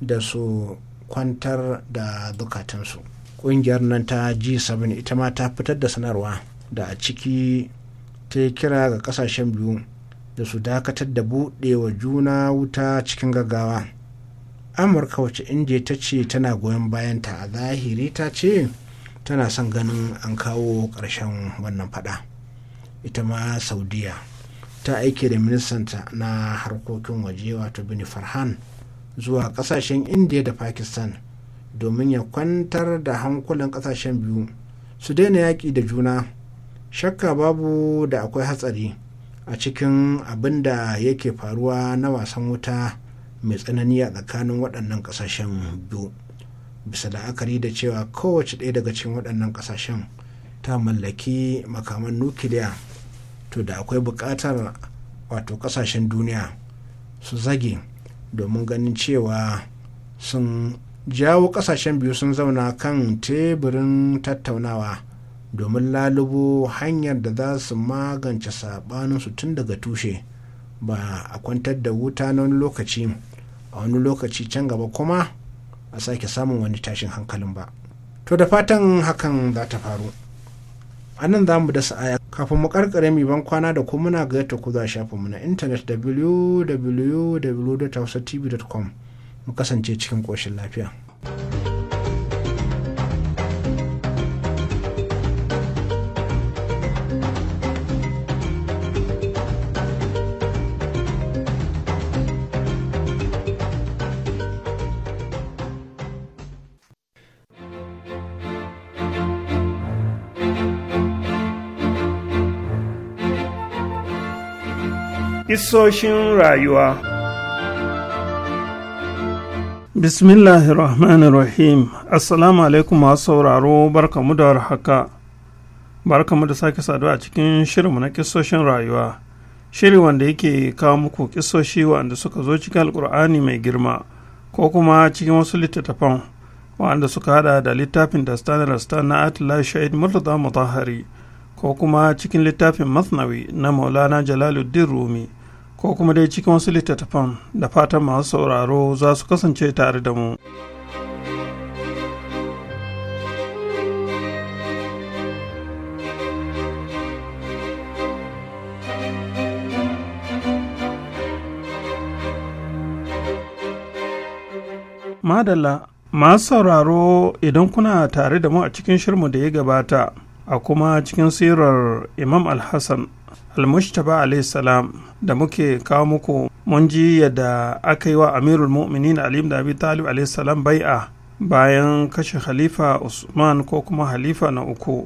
Speaker 1: da su kwantar da zukatansu ƙungiyar nan ta g7 ita ma ta fitar da sanarwa da a ciki ta kira ga ƙasashen biyu da su dakatar da buɗewa juna wuta cikin gaggawa amurka wacce indiya ta ce tana goyon bayanta a zahiri ta ce tana son ganin an kawo ƙarshen wannan fada ita ma saudiya ta aike da ministanta na harkokin waje wato bini farhan zuwa kasashen indiya da pakistan domin ya kwantar da hankulan kasashen biyu su daina yaƙi da juna shakka babu da akwai hatsari a cikin abin da yake faruwa na wasan wuta mai tsanani a tsakanin waɗannan ƙasashen biyu bisa la'akari da cewa kowace ɗaya daga cikin waɗannan ƙasashen ta mallaki makaman nukiliya to da akwai buƙatar wato ƙasashen duniya su zage domin ganin cewa sun jawo kasashen biyu sun zauna kan teburin tattaunawa domin lalubo hanyar da za su magance su tun daga tushe ba a kwantar da wuta na wani lokaci a wani lokaci can gaba kuma a sake samun wani tashin hankalin ba to da fatan hakan za ta faru a nan za mu dasa aya kafin mu karkare mu ban kwana da kuma muna gayyata ku za shafin mu na intanet www.hausatv.com mu kasance cikin koshin lafiya.
Speaker 6: Isoshin rayuwa Bismillahirrahmanirrahim Assalamu alaikum masu sauraro barkamu da warhaka barkamu da sake saduwa a cikin shirinmu na kisoshin rayuwa shiri wanda yake kawo muku kisoshi wanda suka zo cikin alkur'ani mai girma ko kuma cikin wasu littattafan wanda suka hada da littafin da stanar na atila shahid murtaza mutahari ko kuma cikin littafin masnawi na maulana jalaluddin rumi ko kuma dai cikin wasu littattafan da fatan masu sauraro za su kasance tare da mu. Madalla, masu sauraro idan kuna tare da mu a cikin shirmu da ya gabata a kuma cikin sirar Imam Al-Hassan almushtaba alaihi salam da muke kawo muku mun ji yadda aka yi wa amirul mu'minin ali ibn abi talib alaihi salam bai'a bayan kashe Khalifa usman ko kuma halifa na uku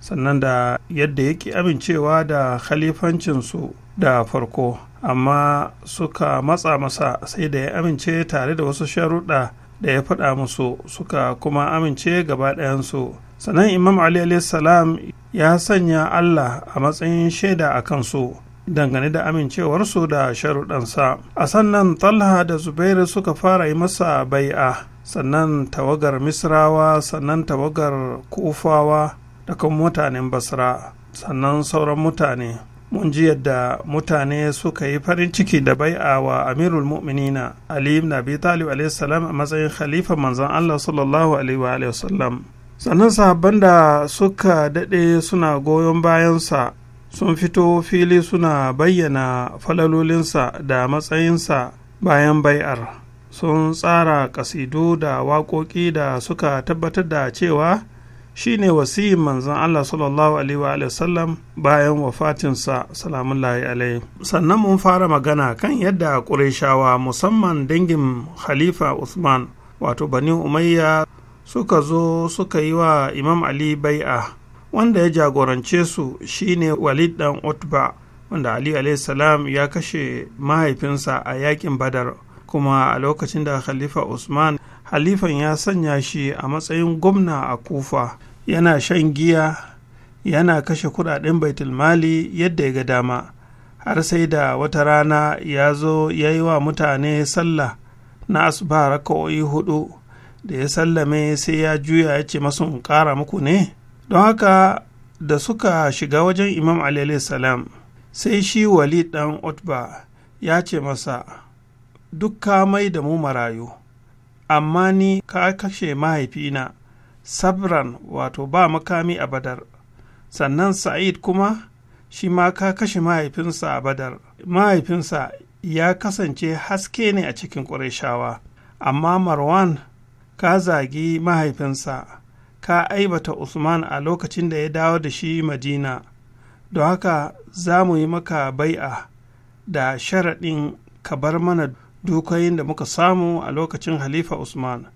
Speaker 6: sannan da yadda yake amincewa da khalifancin su da farko amma suka matsa masa sai da ya amince tare da wasu sharuɗa da ya faɗa musu suka kuma amince gaba ɗayansu sannan imam ali salam ya sanya allah a matsayin shaida a kansu dangane da amincewarsu da sharuɗansa a sannan talha da zubairu suka fara yi masa bai'a sannan tawagar misrawa sannan tawagar kufawa da kuma mutanen basra sannan sauran mutane mun ji yadda mutane suka yi farin ciki da bai'a wa amirul mu'minina ali ibn abi talib a matsayin khalifa manzon allah sallallahu alaihi wa sallam sannan sabon da suka daɗe suna goyon bayansa sun fito fili suna bayyana falalolinsa da matsayinsa bayan bai'ar sun tsara kasidu da waƙoƙi da suka tabbatar da cewa shi ne wasiyin manzan Allah sallallahu alaihi wa bayan wafatinsa salamun alai sannan mun fara magana kan yadda ƙureshawa musamman dangin khalifa Usman wato bani umayya suka zo suka yi wa imam ali bai'a wanda ya jagorance su shine walid dan utba wanda ali salam ya kashe mahaifinsa a yakin badar kuma a lokacin da khalifa usman halifan ya sanya shi a matsayin gwamna a kufa yana shan giya yana kashe kudaden baitulmali yadda ya ga dama har sai da wata rana ya zo ya yi wa mutane sallah na asuba raka'o'i hudu da ya sallame sai ya juya ya ce masu in ƙara muku ne don haka da suka shiga wajen imam salam sai shi walid ɗan Otba ya ce masa duk ka mai da mu marayu amma ni ka kashe mahaifina sabran wato ba makami a badar sannan sa'id kuma shi ma ka kashe mahaifinsa a badar mahaifinsa ya kasance haske ne a cikin ƙurashawa amma marwan ka zagi mahaifinsa ka aibata usman a lokacin da ya dawo da shi madina don haka za mu yi maka bai'a da sharaɗin ka bar mana dukoyin da muka samu a lokacin halifa usman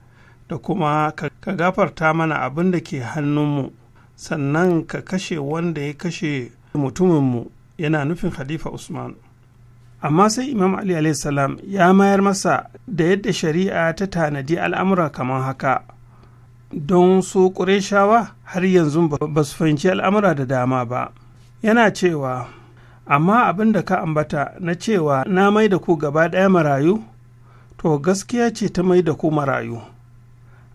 Speaker 6: da kuma ka gafarta mana abin da ke hannunmu sannan ka kashe wanda ya kashe mutuminmu yana nufin halifa usman amma sai imam ali salam ya mayar masa da yadda shari'a ta tanadi al'amura kamar haka don su ƙureshawa har yanzu ba su fahimci al'amura da dama ba yana cewa amma abin da ka ambata na cewa na mai da ku gaba ɗaya marayu to gaskiya ce ta mai da ku marayu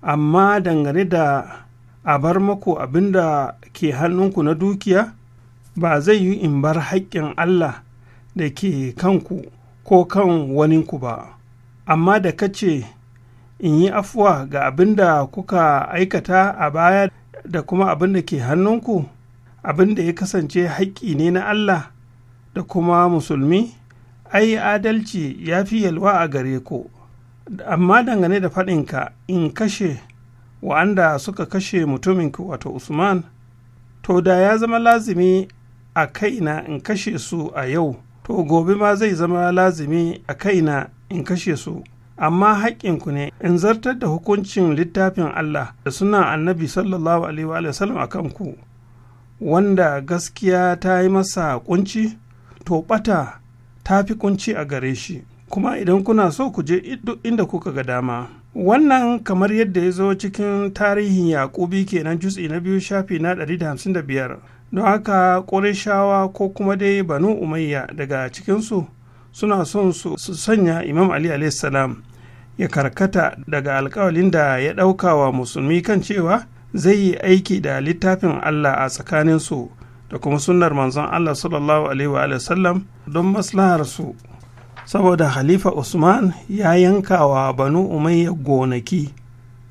Speaker 6: amma dangane da a bar maku abin da ke hannunku na dukiya ba zai yi in bar haƙƙin allah da ke kanku ko kan waninku ba amma da kace in yi afuwa ga abin da kuka aikata a baya da kuma abin da ke hannunku abin da ya kasance haƙƙi ne na Allah da kuma musulmi ai adalci ya fi yalwa a gare ku amma dangane da faɗinka in kashe wa'anda suka kashe mutuminku wato usman to da ya zama lazimi a kaina in kashe su a yau to gobe ma zai zama lazimi a kaina in kashe su amma haƙƙinku ne in zartar da hukuncin littafin Allah da suna annabi sallallahu alaihi wa sallam a kanku wanda gaskiya ta yi masa kunci to ɓata ta fi kunci a gare shi kuma idan kuna so ku je duk inda kuka ga dama wannan kamar yadda ya zo cikin tarihin yaƙubi kenan jutsi na biyu shafi na 155 don haka ƙorishawa ko kuma dai banu umayya daga cikinsu suna son su sanya imam ali salam ya karkata daga alkawalin da ya ɗauka wa musulmi kan cewa zai yi aiki da littafin allah a tsakaninsu da kuma sunnar manzon allah sallallahu alaihi wa don maslaharsu saboda halifa usman ya yanka wa banu umayya gonaki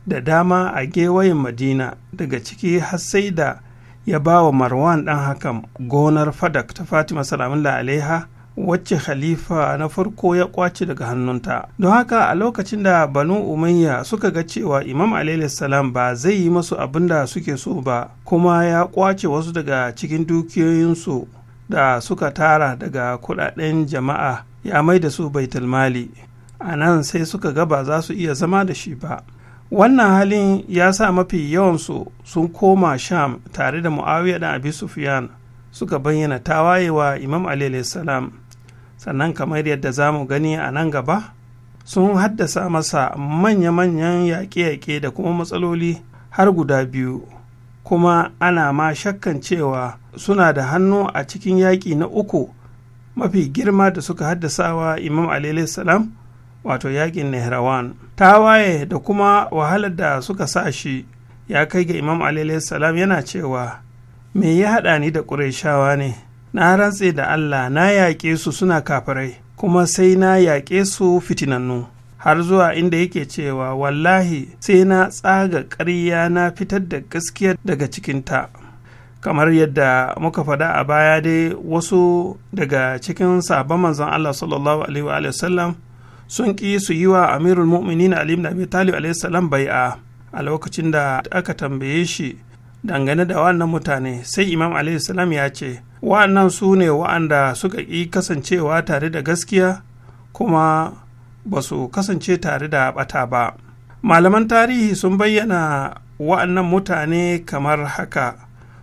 Speaker 6: da dama a gewayen madina daga ciki har sai da ya ba wa marwan ɗan hakan gonar fadak ta fatima salamullah alaiha wacce khalifa na farko ya kwace daga hannunta don haka a lokacin da banu umayya suka ga cewa imam salam ba zai yi masu abin da suke so ba kuma ya kwace wasu daga cikin dukiyoyinsu da suka tara daga kudaden jama'a ya mai da su baitulmali a nan sai suka ga ba za su iya zama da shi ba wannan halin ya sa mafi yawansu sun koma sham tare da muawiya da abi sufyan suka bayyana tawayewa imam ali salam sannan kamar yadda za mu gani a nan gaba sun haddasa masa manya-manyan yaƙe-yaƙe da kuma matsaloli har guda biyu kuma ana ma shakkan cewa suna da hannu a cikin yaƙi na uku mafi girma da suka haddasawa imam salam wato yakin nehrawan tawaye da kuma wahalar da suka sa shi ya kai ga imam salam yana cewa me ya haɗa ni da ƙuraishawa ne na rantse da allah na yaƙe su suna kafirai kuma sai na yaƙe su fitinannu har zuwa inda yake cewa wallahi sai na tsaga ƙarya na fitar da gaskiya daga cikinta kamar yadda muka faɗa a baya dai wasu daga cikin sabon manzon Allah sallallahu alaihi wa sallam sun ƙi su yi wa amirul mu'minin ali ibn abi talib alaihissalam bai'a a lokacin da aka tambaye shi dangane da wannan mutane sai imam alaihissalam ya ce wa'annan su ne wa'anda suka ƙi kasancewa tare da gaskiya kuma ba su kasance tare da ɓata ba malaman tarihi sun bayyana wa'annan mutane kamar haka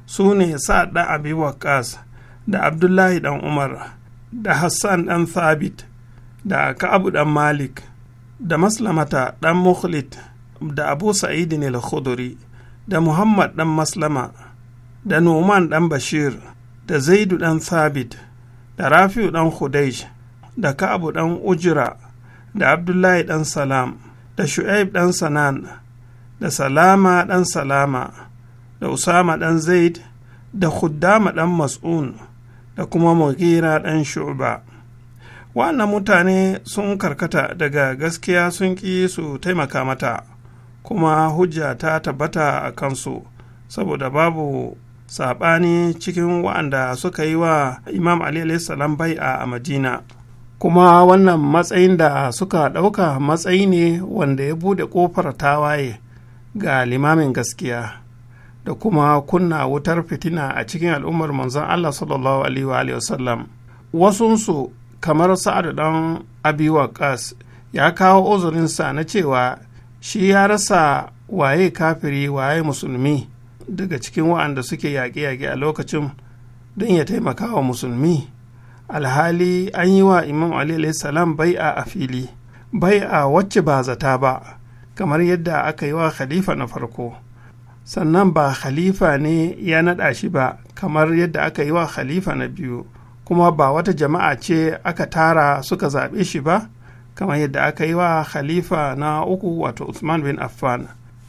Speaker 6: su ne sa'ad da waqas da abdullahi dan umar da hassan dan thabit da ka'abu ɗan malik da maslamata ɗan mukhlit da abu sa'idin al da muhammad ɗan maslama da numan ɗan bashir da zaidu ɗan thabit da rafi'u ɗan Khudaij, da ka'abu ɗan ujira da abdullahi ɗan salam da shu'aib ɗan sanan da salama ɗan salama da usama ɗan zaid da khuddama ɗan mas'un da kuma mugira ɗan shu'ba wannan mutane sun karkata daga gaskiya sun ƙi su taimaka mata kuma hujja ta tabbata a kansu saboda babu saɓani cikin wa'anda suka yi wa imam ali salam bai a madina kuma wannan matsayin da suka ɗauka matsayi ne wanda ya buɗe ƙofar tawaye ga limamin gaskiya da kuma kunna wutar fitina a cikin al'ummar manzon allah sallallahu alaihi wasallam wasunsu kamar sa'ad ɗan abiwakas ya kawo uzurinsa na cewa shi ya rasa waye kafiri waye musulmi daga cikin wa'anda suke yaƙe-yaƙe a lokacin don ya taimaka wa musulmi alhali an yi wa imam ali salam bai'a a fili bai a wacce ba zata ba kamar yadda aka yi wa khalifa na farko sannan ba khalifa ne ya naɗa shi ba kamar yadda aka yi wa khalifa na biyu kuma ba wata jama'a ce aka tara suka zaɓe shi ba kamar yadda aka yi wa khalifa na uku wato Usman bin Affan.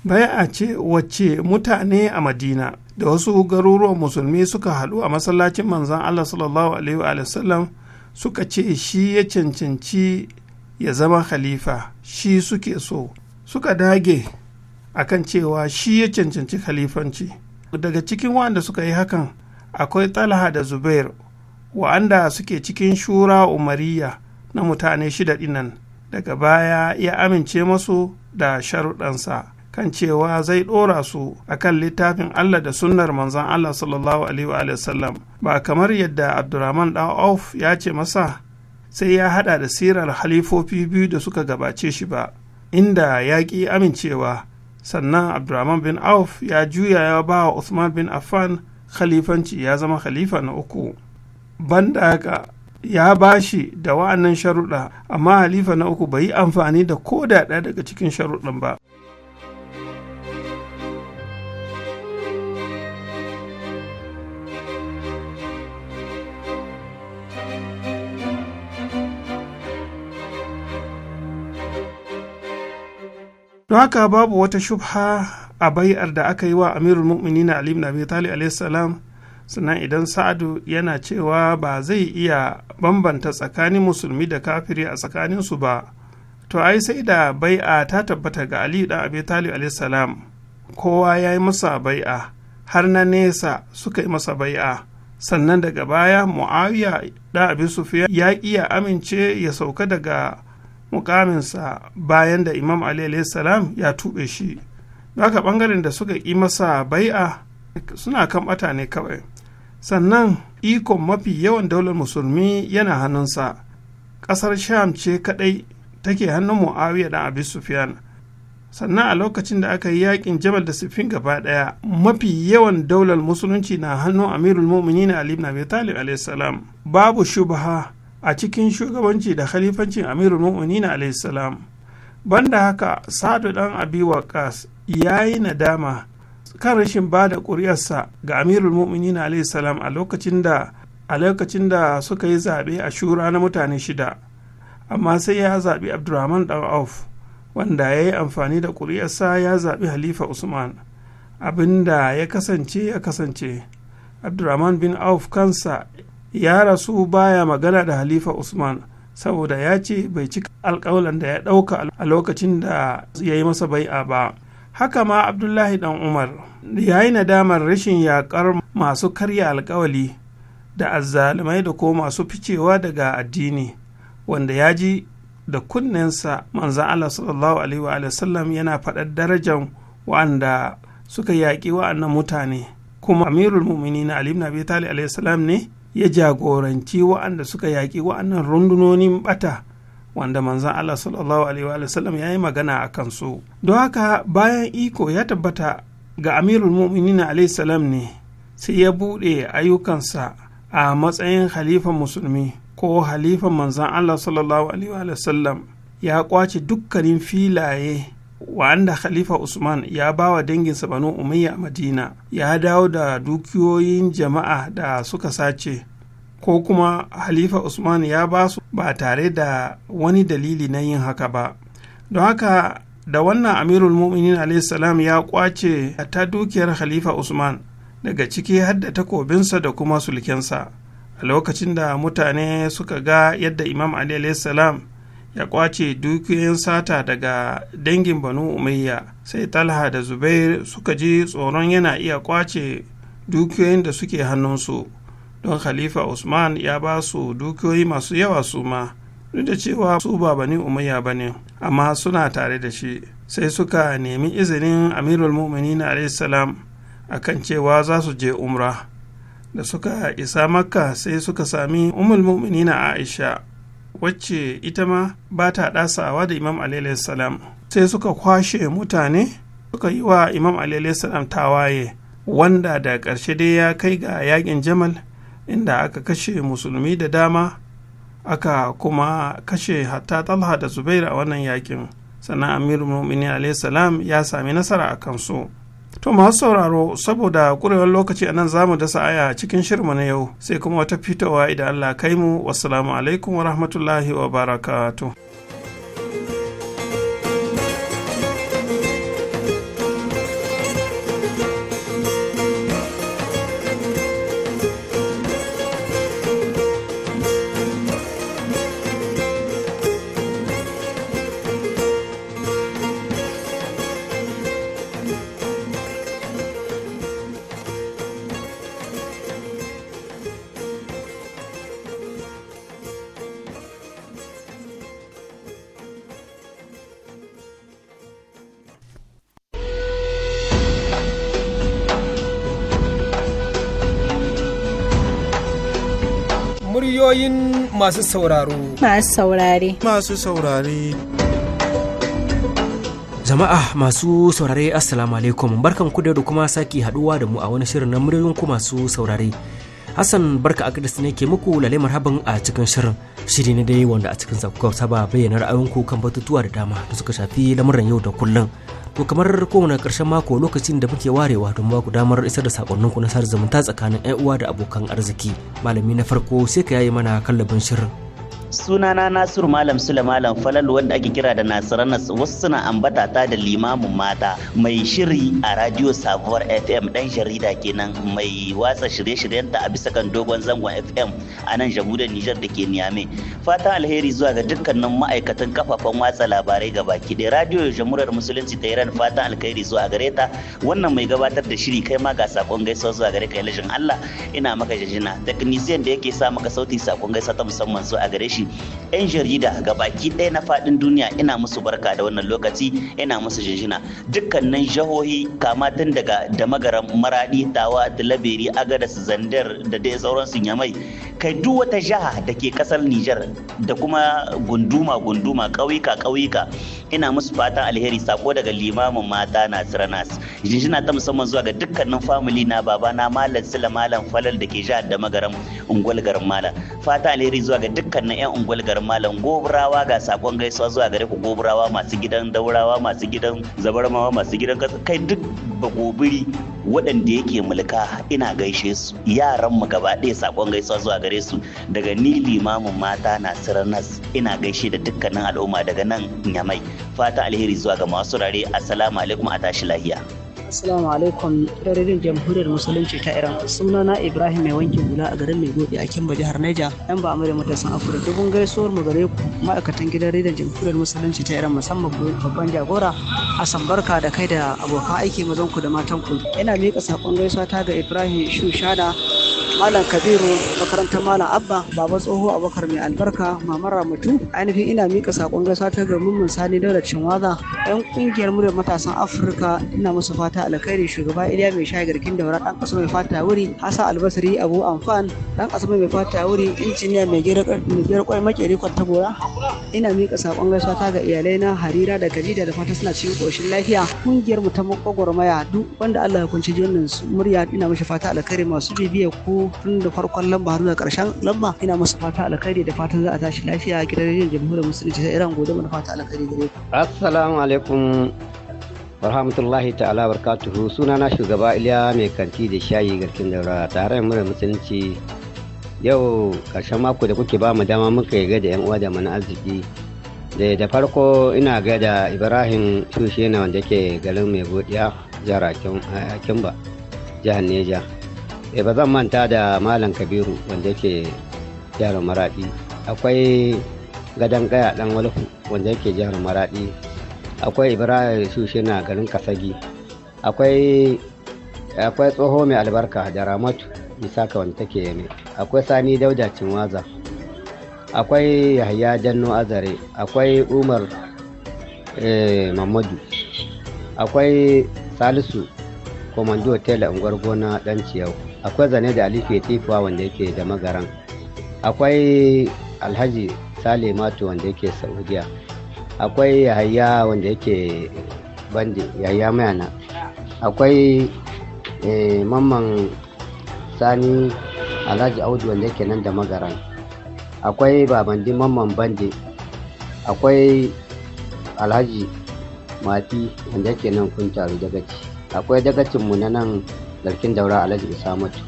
Speaker 6: a ce wacce mutane a Madina da wasu garuruwan musulmi suka haɗu a masallacin manzan Allah sallallahu alaihi wa sallam suka ce shi ya cancanci ya zama khalifa shi suke so suka dage akan cewa shi ya cancanci khalifanci daga cikin wanda suka yi hakan akwai talha da zubair wa'anda suke cikin shura umariya na mutane shida dinan daga baya ya amince masu da sharuɗansa kan cewa zai ɗora su a kan littafin Allah da sunnar manzan Allah sallallahu alaihi ba kamar yadda Abdurrahman ɗan Auf ya ce masa sai ya haɗa da sirar halifofi biyu da suka gabace shi ba inda ya ƙi amincewa sannan Abdurrahman bin Auf ya juya ya ba wa Uthman bin Affan khalifanci ya zama khalifa na uku. banda haka ya shi da wa'annan sharuɗa amma halifa na uku bai yi amfani da ko da ɗaya daga cikin sharuɗan ba don haka babu wata shubha a bai'ar da aka yi wa amirul mu'minin ali abi talib alayhi salam sannan idan sa'adu yana cewa ba zai iya bambanta tsakanin musulmi da kafiri a tsakaninsu ba to ai sai da bai'a ta tabbata ga ali da abi talib alaihissalam kowa ya yi masa bai'a har na nesa suka yi masa bai'a sannan daga baya muawiya da abi sufiya ya iya amince ya sauka daga mukaminsa bayan da imam ali salam ya tuɓe shi haka ɓangaren da suka yi masa bai'a suna kan ɓata ne kawai sannan ikon mafi yawan daular musulmi yana hannunsa ƙasar sham ce kaɗai take hannun mu'awiyar da abi sufyan sannan a lokacin da aka yi yakin jabal da siffin gaba ɗaya mafi yawan daular musulunci na hannun amirul ali ibn abi talib salam babu shubha a cikin shugabanci da khalifancin amirul na alayhi salam banda haka sadu ɗan abi waqas yayi nadama kan rashin ba da ƙuri'arsa ga amirul mu'minin salam a lokacin da a lokacin da suka yi zaɓe a shura na mutane shida amma sai ya zaɓi abdurrahman dan auf wanda ya yi amfani da ƙuri'arsa ya zaɓi halifa usman abinda ya kasance ya kasance abdurrahman bin auf kansa ya rasu baya magana da halifa usman saboda ya ce bai cika alkawalan da ya ɗauka a lokacin da ya yi masa bai'a ba haka ma abdullahi dan umar ya yi nadamar rashin yakar masu karya alkawali da azzalumai da ko masu ficewa daga addini wanda ya ji da kunnensa manzan allah sallallahu alaihi wa sallam yana faɗar darajar wanda suka yaƙi wa'annan mutane kuma amirul mu'minin ali alim na alaihi salam ne ya jagoranci wa'anda suka yaƙi wa'annan rundunonin bata wanda manzan Allah sallallahu alaihi wasallam ya yi magana a kansu don haka bayan iko ya tabbata ga amirul mu'minin alaihi salam ne sai ya buɗe ayyukansa a matsayin halifan musulmi ko halifan manzan Allah sallallahu alaihi wasallam ya kwace dukkanin filaye wanda khalifa usman ya bawa danginsa banu umayya a madina ya dawo da dukiyoyin jama'a da suka sace ko kuma halifa usman ya ba su ba tare da wani dalili na yin haka ba don haka da wannan amirul mu'minin salam ya kwace ta dukiyar halifa usman daga ciki har da takobinsa da kuma sulkensa a lokacin da mutane suka ga yadda imam salam ya kwace dukiyoyin sata daga dangin banu umayya sai talha da zubair suka ji tsoron yana iya kwace dukiyoyin da suke hannunsu don khalifa usman ya ba su dukiyoyi masu yawa su ma duk da cewa su ba bani umayya ba ne amma suna tare da shi sai suka nemi izinin amirul mu'minin a kan cewa za su je umra da suka isa makka sai suka sami umul na aisha wacce ita ma ba ta ɗasawa da imam salam sai suka kwashe mutane suka yi wa imam salam tawaye wanda da ƙarshe dai ya kai ga yaƙin jamal inda aka kashe musulmi da dama aka kuma kashe hatta talha da zubair a wannan yakin sannan amiru mumini salam ya sami nasara a kansu to masu sauraro saboda kurewar lokaci a nan zamu dasa aya cikin shirma na yau sai kuma wata fitowa idan allah kai mu wassalamu alaikum wa rahmatullahi wa barakatuh
Speaker 7: Ra'ayoyin masu sauraro.
Speaker 5: Masu saurare. Masu
Speaker 7: saurare.
Speaker 8: Jama'a masu saurare Assalamu alaikum barkan ku da kuma sake haduwa da mu a wani shirin na muryoyin ku masu saurare. Hassan barka a gadis ne ke muku lalle marhaban a cikin shirin shiri ne dai wanda a cikin sa kuka saba bayyana ku kan batutuwa da dama da suka shafi lamuran yau da kullum. To kamar kowane ƙarshen mako lokacin da muke warewa don ba ku damar isar da sakonninku na sada zumunta tsakanin 'yan uwa da abokan arziki. Malami na farko sai ka yayi mana kallabin shirin.
Speaker 9: sunana nasiru malam sule malam falal wanda ake kira da nasiranas wasu suna ambata ta da limamin mata mai shiri a radio sabuwar fm dan jarida kenan mai watsa shirye ta a bisa kan dogon zangon fm a nan jamhuriyar nijar da ke niyame fatan alheri zuwa ga dukkanin ma'aikatan kafafen watsa labarai ga baki ɗaya radio jamhuriyar musulunci ta iran fatan alheri zuwa gare ta wannan mai gabatar da shiri kai ma ga sakon gaisuwa zuwa gare ka lashin allah ina maka jajina technician da yake sa maka sauti sakon gaisuwa ta musamman zuwa gare shi lokaci 'yan jarida ga baki ɗaya na faɗin duniya ina musu barka da wannan lokaci ina musu jinjina dukkanin jihohi kama tun daga da magaran maradi tawa talabiri agadas zandar da dai sauransu yamai kai duk wata jiha da ke kasar Nijar da kuma gunduma gunduma ƙauyuka ƙauyuka ina musu fatan alheri sako daga limamin mata na nasiranas jinjina ta musamman zuwa ga dukkanin famili na babana malam sila malam falal da ke jihar da magaran ungwal garin malam Fatan alheri zuwa ga dukkanin 'yan ungwal garin malam goburawa ga sakon gaisuwa zuwa gare ku goburawa masu gidan daurawa masu gidan zabarmawa masu gidan kai duk ba gobiri waɗanda yake mulka ina gaishe su yaran mu gaba ɗaya sakon gaisuwa zuwa gare su daga ni limamin mata na siranas ina gaishe da dukkanin al'umma daga nan nyamai fata alheri zuwa ga masu rare assalamu alaikum a tashi lahiya
Speaker 10: Assalamu alaikum rediyon
Speaker 8: jamhuriyar musulunci ta Iran. Sunana Ibrahim mai wankin hula a garin Maigodi a Kimba jihar Neja. Yan ba amurda matasan Afirka dubun gaisuwar mu gare ku ma'aikatan gidan rediyon jamhuriyar musulunci ta Iran musamman babban jagora Hassan Barka da kai da abokan aiki mazan ku da matan ku. Ina mika sakon gaisuwa ta ga Ibrahim Shushada Malam Kabiru makarantar Malam Abba Baba Tsoho Abubakar mai albarka Mamar Ramatu ainihin ina mika sakon gaisuwa ta ga Mummun Sani Dauda Cinwaza Yan ƙungiyar muryar matasan Afirka ina musu fata fata alkhairi shugaba Iliya mai shayi garkin daura dan kasuwa mai fata wuri Hassan Albasari Abu Amfan dan kasuwa mai fata wuri injiniya mai gera mai gera kwai makeri kwanta gora ina mika sakon gaisuwa ta ga iyalai na Harira da Khadija da fata suna cikin koshin lafiya kungiyar mu ta maya duk wanda Allah ya kunci jinnin su murya ina mishi fata alkhairi masu bibiya ko tun da farkon lamba har zuwa karshen lamba ina musu fata alkhairi da fatan za a tashi lafiya gidan rediyon jamhuriyar musulunci ta Iran gobe mana fata alkhairi gare ku
Speaker 10: assalamu alaikum warahmatullahi ta'ala barkatuhu sunana shugaba iliya mai kanti da shayi garkin daura tare mura musulunci yau karshen mako da kuke ba mu dama muka ga da yan uwa da mana arziki da da farko ina ga da ibrahim shushe na wanda ke garin mai godiya jihar akimba jihar neja e ba zan manta da malam kabiru wanda ke jihar maradi akwai gadon gaya dan walfu wanda ke jihar maradi akwai ibrahim yusuf na garin kasagi akwai tsoho mai albarka da ramatu isa wanda take yame akwai sani dauda waza. akwai yahya Janno azare akwai umar eh, mamadu akwai salisu komando tela unguwar gona dan ciyau akwai zane da alifu tifuwa wanda yake da magaran akwai alhaji sale mato wanda yake saudiya akwai yahaya wanda yake bandi yahaya mayana akwai eh, mamman sani alhaji audu wanda yake nan da magaran akwai babandi mamman bandi akwai alhaji mati wanda yake nan kun taru dagaci akwai dagacin mu na nan larkin daura alhaji isamatu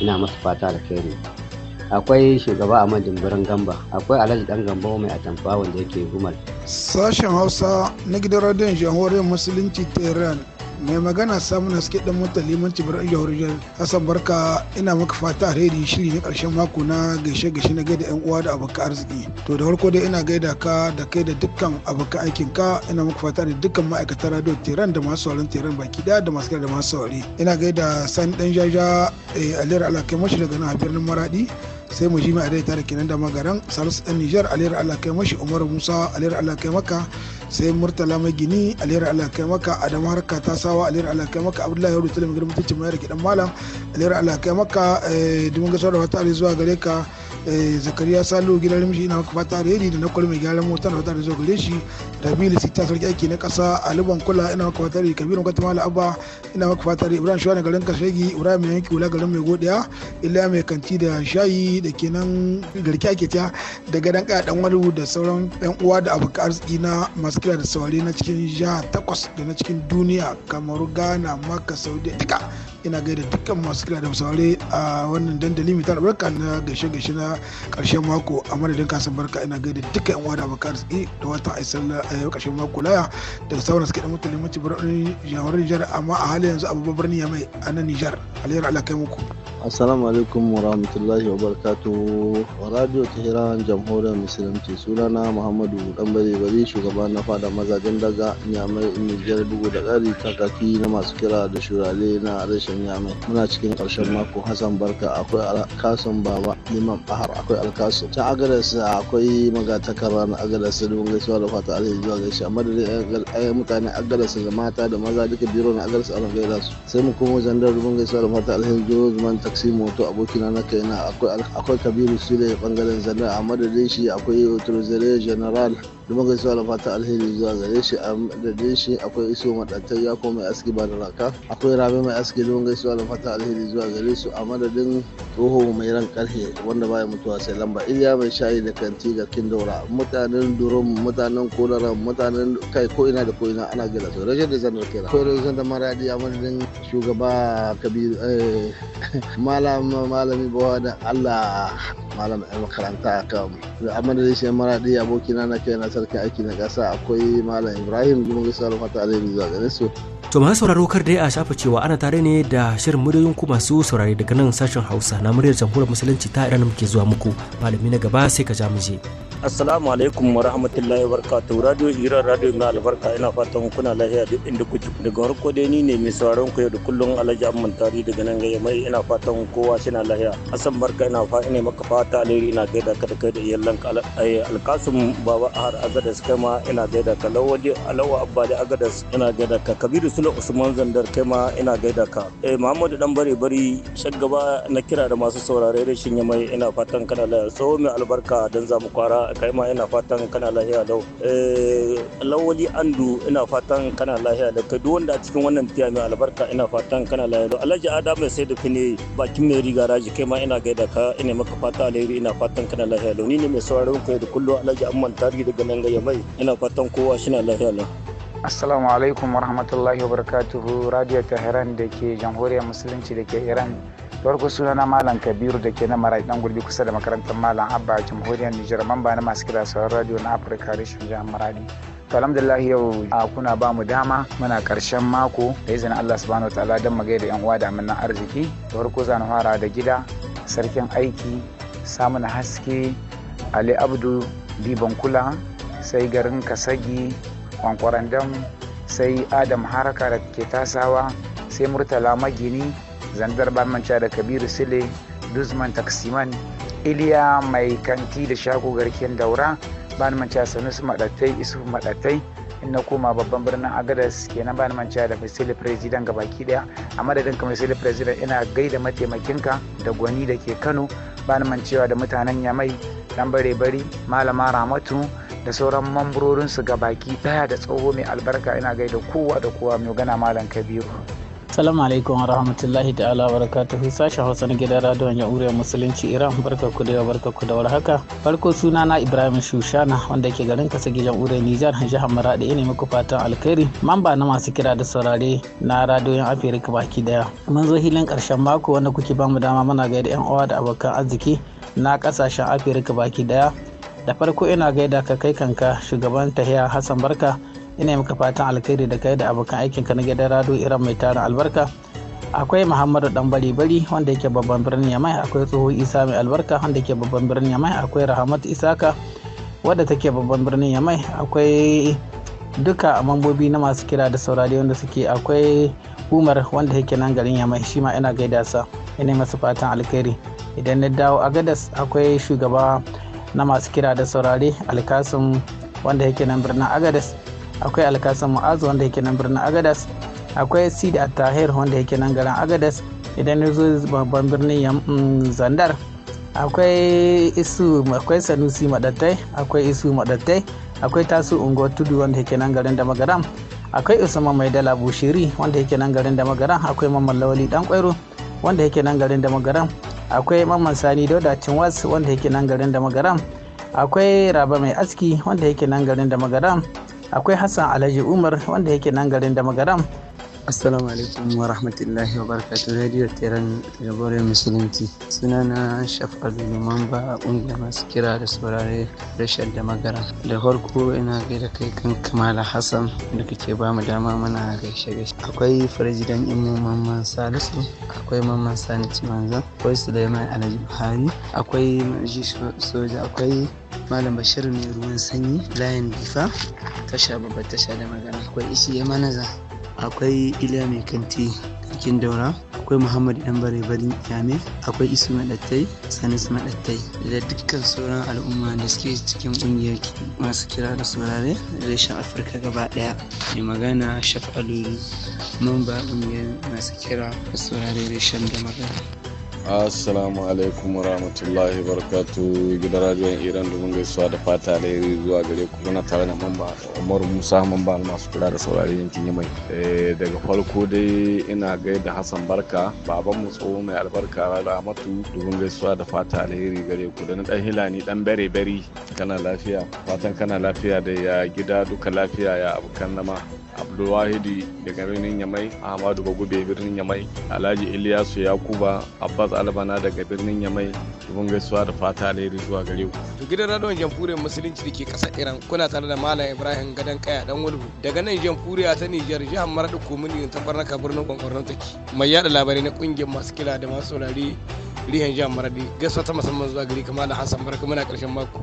Speaker 10: ina masu fata da kai ne akwai shugaba a birnin gamba akwai alhaji dan gamba mai atamfa wanda yake gumal
Speaker 7: sashen hausa na gidan radiyon jamhuriyar musulunci tehran mai magana samun haske dan mota limanci birnin jihar hassan barka ina maka fata alheri shiri na karshen mako na gaishe gaishe na gaida yan uwa da abokan arziki to da farko dai ina gaida ka da kai da dukkan abokan aikin ka ina maka fata da dukkan ma'aikatan radio tehran da masu sauran tehran baki daya da masu da masu saurari ina gaida sani dan jaja eh, aliyar alakai mashi daga nan a birnin maradi sai mu ji mai adaita da kenan da magaran salisu ɗan nijar aliyar allah kai mashi umaru musa aliyar allah kai maka sai murtala mai gini aliyar allah kai maka adamu harka ta sawa aliyar allah kai maka abdullahi yaro tulum girma tucin mai da kidan malam aliyar allah kai maka eh, dimin gasar da wata zuwa gare ka Eh, zakariya salo gidan rimshi na maka fata alheri da na kwal mai gyaran mota na fata da zuwa gare shi rabilu sita sarki aiki na kasa aliban kula ina maka fata da kabiru kwata mala abba ina maka fata da ibrahim shuwa na garin kashegi ibrahim mai yanki wula garin mai godiya ila mai kanti da shayi da kenan garki ake ta da gadan kaya dan wani da sauran yan uwa da abokan arziki na masu kira da saurari na cikin jiha takwas da na cikin duniya kamaru ghana maka saudi duka ina gaida dukkan masu kira da saurare a wannan dandali mai tara barka na gaishe gaishe na karshen mako a madadin kasan barka ina gaida dukkan yan uwa da abokan arziki da wata a a yau eh, karshen mako laya da sauran suke da mutane mutu birnin jihar Nijar amma a halin yanzu abubuwan birni ya mai a nan Nijar alayyar alakai kai muku.
Speaker 11: Assalamu alaikum wa rahmatullahi wa barakatuhu. Radio Tehran Jamhuriyar Musulunci sunana Muhammadu Dan Bari shugaba na fada mazajen daga Nyamai Nijar bugu da Kari kakaki na masu kira da shurale na rashin Nyamai. Muna cikin ƙarshen mako Hassan Barka akwai Alkasun Baba Liman Bahar akwai Alkasun. Ta Agadas akwai magatakara na Agadas da mun gaisuwa da fata alheri zuwa gaishe amma da dai mutane Agadas da mata da maza duka biro na Agadas a gaida su. Sai mu komo zandar mun gaisuwa da fata alheri zuwa zuwa taxi moto abokina na kaina akwai kabiru sule bangaren zandar a madadin shi akwai utilizare general duma gaisuwa da fata alheri zuwa gare shi a madadin shi akwai iso madatar ya ko mai aski ba da raka akwai rabe mai aski duma gaisuwa da fata alheri zuwa gare su a madadin toho mai ran karhe wanda baya mutuwa sai lamba iliya mai shayi da kanti ga kindora mutanen durum mutanen kolara mutanen kai ko ina da ko ina ana gila su rashin da zanar kera ko rashin da maradi a madadin shugaba kabiru eh, malam malami bawa da allah malam makaranta kan a madadin shi maradi abokina na kai na sarkin aiki na gasa akwai malam ibrahim mun gaisa da fata alheri zuwa su
Speaker 8: to masu sauraro kar dai a shafa cewa ana tare ne da shirin muryoyin ku masu saurari daga nan sashen hausa na muryar jamhuriyar musulunci ta iran muke zuwa muku malami na gaba sai ka ja mu je
Speaker 12: Assalamu alaikum wa rahmatullahi wa barakatuhu. Radio Iran Radio na albarka ina fatan kuna lafiya duk inda kuke. Daga farko dai ni ne mai sauraron ku yau da kullum Alhaji Amman Tari daga nan ga mai ina fatan kowa shi na lafiya. Asan barka ina fa ina maka fata alheri ina gaida ka da kai da iyalan. ka eh, Alkasum Baba Ahar Agadas kai ma ina gaida ka lawaji Alawa Abbali Agadas ina gaida ka Kabiru Sule Usman Zandar kai ma ina gaida ka. Eh Muhammadu Dan Bare Bari shaggaba na kira da masu saurare rashin yamai ina fatan kana lafiya. Tsoho mai albarka dan zamu kwara kaima ina fatan kana lahiya lau eh, lawali andu ina fatan kana lahiya da kai duwanda a cikin wannan tiya mai albarka ina fatan kana lahiya lau alhaji adam mai sai da fine bakin mai riga raji kai ma ina gaida ka ina maka fata alheri ina fatan kana lahiya lau ni ne mai sauraron kai da kullum alhaji amman tarihi daga nan gaya mai ina fatan kowa shi na lahiya lau
Speaker 13: assalamu alaikum warahmatullahi wabarakatuhu radio tehran da ke jamhuriyar musulunci da ke iran farko suna na malam kabiru da ke na marayi dan gurbi kusa da makarantar malam abba jamhuriyar nijar mamba na masu kira sauran radio na afirka reshen jihar maradi to yau a kuna ba mu dama muna karshen mako da izinin Allah subhanahu wataala don magai da yan uwa da aminan arziki da farko na fara da gida sarkin aiki samun haske ali abdu diban kula sai garin kasagi kwankwarandam sai adam haraka da ke tasawa sai murtala magini zandar bamanta da kabiru sile dusman taksiman iliya mai kanti da shago garken daura bamanta sanusu madatai isu maɗatai in na koma babban birnin agadas kenan bani manciya da misali president baki daya a madadin ka misali president ina gaida mataimakin ka da gwani da ke kano bani mancewa da mutanen yamai dan bare bari malama ramatu da sauran mambrorinsu baki daya da tsoho mai albarka ina gaida kowa da kowa mai gana malam kabiru
Speaker 14: Salamu alaikum wa rahmatullahi ta'ala wa barakatuhu sashen Hausa na gidan radiyon Ya'uriyar Musulunci Iran barka ku da barka ku da warhaka. Farko suna na Ibrahim Shushana wanda ke garin kasa gidan uriya Nijar jihar Maradi ne muku fatan alkhairi. Mamba na masu kira da saurare na radiyon Afirka baki daya. Mun zo hilin karshen mako wanda kuke bamu dama muna gaida yan uwa da abokan arziki na kasashen Afirka baki daya. Da farko ina gaida ka kai kanka shugaban tahiya Hassan Barka. ina maka fatan alkhairi da kai da abokan aikinka na gidan rado iran mai taron albarka akwai muhammadu dan bari bari wanda yake babban birnin yamai akwai tsoho isa mai albarka wanda yake babban birnin yamai akwai rahamatu isaka wadda take babban birnin yamai akwai duka mambobi na masu kira da saurari wanda suke akwai umar wanda yake nan garin yamai shi ma ina gaida sa ina masa fatan alkhairi idan na dawo a gadas akwai shugaba na masu kira da saurari alkasim wanda yake nan birnin agadas akwai alkasan mu'azu wanda yake nan birnin agadas akwai sidi tahir wanda yake nan garin agadas idan ya zo babban birnin mm, zandar akwai isu akwai sanusi madattai akwai isu madattai akwai tasu ungo tudu wanda yake nan garin da magaram akwai usama mai dala bushiri wanda yake nan garin da magaram akwai mamman lawali dan kwairo wanda yake nan garin da magaram akwai mamman sani dauda cinwas wanda yake nan garin da magaram akwai raba mai aski wanda yake nan garin da magaram akwai hassan alhaji umar wanda yake nan garin da Assalamu alaikum wa rahmatullahi wa barakatu Radio Tehran Jamhuriyar Musulunci. Sunana Shaf'adu ba a ƙungiyar masu kira da saurare rashar da magara. Da farko ina gaida kai kan Kamala Hassan da kake ba mu dama mana gaishe gaishe. Akwai farajidan Imu Mamman Salisu, akwai Mamman Sani Cimanzan, akwai Suleiman Alhaji Buhari, akwai Maji Soja, akwai Malam Bashir mai ruwan sanyi, Layin Bifa, tasha babbar tasha da magana. Akwai ishiye manaza akwai iliya mai kanti cikin daura akwai muhammad 'yan bare barin yame akwai isu madattai su madattai da dukkan sauran al'umma da suke cikin ƙungiyar masu kira da saurare reshen afirka gaba daya mai magana shaf alulu mamba kungiyar masu kira da saurare reshen da magana
Speaker 15: assalamu alaikum wa barakatu gidan radiyon iran domin gaisuwa da fata alheri zuwa gare ku na tare da mamba umar musa mamba masu kula da saurari yankin mai. Eh, daga farko dai ina gaida hassan barka baban mu mai albarka ramatu domin gaisuwa da fata alheri gare ku da na dan hilani dan bere bari kana lafiya fatan kana lafiya da ya gida duka lafiya ya abokan nama abdulwahidi daga birnin yamai ahmadu bagube birnin yamai alhaji iliyasu yakuba abbas albana daga birnin yamai dubin gaisuwa da fata alheri zuwa gare ku to gidan radon jamhuriyar musulunci da ke ƙasar iran kuna tare da malam ibrahim gadan kaya dan wulbu daga nan jamhuriya ta nijar jihar maradi komini ta barnaka birnin kwankwarnon take mai yada labarai na kungiyar masu kila da masu saurari rihan jihar maradi gaisuwa ta musamman zuwa gari kamar da hassan barka muna karshen mako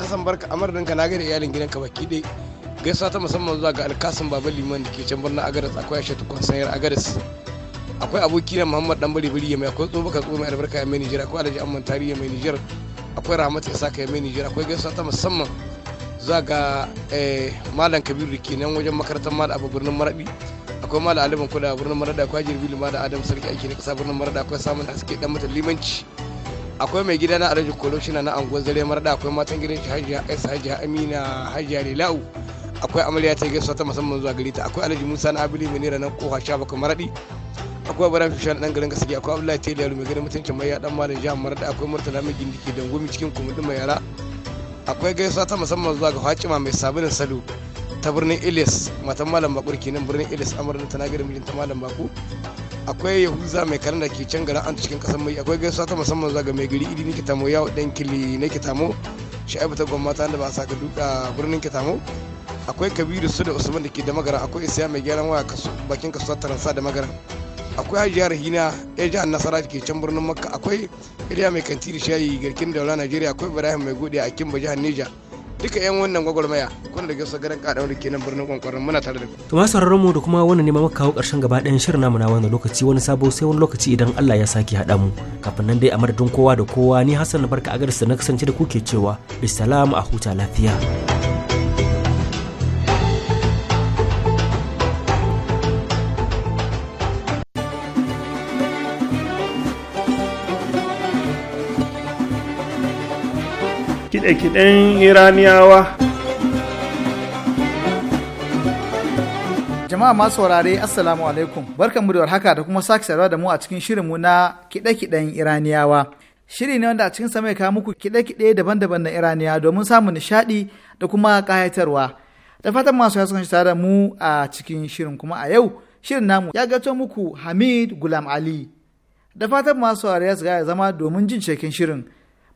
Speaker 15: hassan barka amar ka na gaida iyalin gidanka baki dai gaisuwa ta musamman zuwa ga alkasin baba liman da ke can birnin agaris akwai ashe tukwan sanyar agaris akwai aboki na muhammad dan bari bari mai akwai tsofaka tsofa mai albarka ya mai nijar akwai alhaji amman tarihi mai nijar akwai rahmat ya saka ya mai nijar akwai gaisuwa ta musamman zuwa ga eh, malam kabiru ke nan wajen makarantar malam abu birnin maradi akwai malam aliban kuda a birnin maradi akwai jirbi lima da adam sarki aiki na kasa birnin maradi akwai samun da suke dan mata limanci akwai mai gida na alhaji kolo shi na anguwar zare maradi akwai matan gidan shi hajiya aisa hajiya amina hajiya lilau akwai amarya ta gaisuwa ta musamman zuwa gari ta akwai alhaji musa na abili mai nera nan kofa sha bakwai maradi akwai ibrahim shushan dan garin gaske akwai abdullahi taylor yaro mai gari mutuncin mai dan malam jihar maradi akwai murtala mai gindiki gumi cikin kumudin mai yara akwai gaisuwa ta musamman zuwa ga fatima mai sabulin salo ta birnin ilis matan malam bakur kenan birnin ilis ta tana mijin ta malam baku akwai yahuza mai karan da ke can garin an cikin kasar mai akwai gaisuwa ta musamman zuwa ga mai gari idi nake tamo yawo dan kili nake tamo sha'ibu ta gwamnati da ba sa ka duka birnin kitamo akwai kabiru su da usman da ke da magara akwai isa mai gyaran waya bakin kasuwar taransa da magara akwai hajiya rahina ya jihar nasara da ke can birnin makka akwai iliya mai kanti da shayi garkin daula najeriya akwai ibrahim mai gode a kimba jihar nija duka yan wannan gwagwarmaya kun da gaisa garin kada wanda kenan birnin kwankwarin muna tare da ku.
Speaker 8: to masu mu da kuma wannan neman maka kawo karshen gaba ɗayan shirin namu na wannan lokaci wani sabo sai wani lokaci idan Allah ya saki haɗa mu kafin nan dai a madadin kowa da kowa ni Hassan barka a garsa na kasance da kuke cewa bisalamu a huta lafiya.
Speaker 2: kiɗe-kiɗen iraniyawa jama'a masu saurare assalamu alaikum barkanmu da warhaka da kuma sake saurara da mu a cikin shirinmu na kiɗe-kiɗen iraniyawa shiri ne wanda a cikin samai kawo muku kiɗe-kiɗe daban-daban na iraniya domin samun nishaɗi da kuma ƙayatarwa da fatan masu ya tare da mu a cikin shirin kuma a yau shirin namu ya gato muku hamid gulam ali da fatan masu ya zama domin jin cikin shirin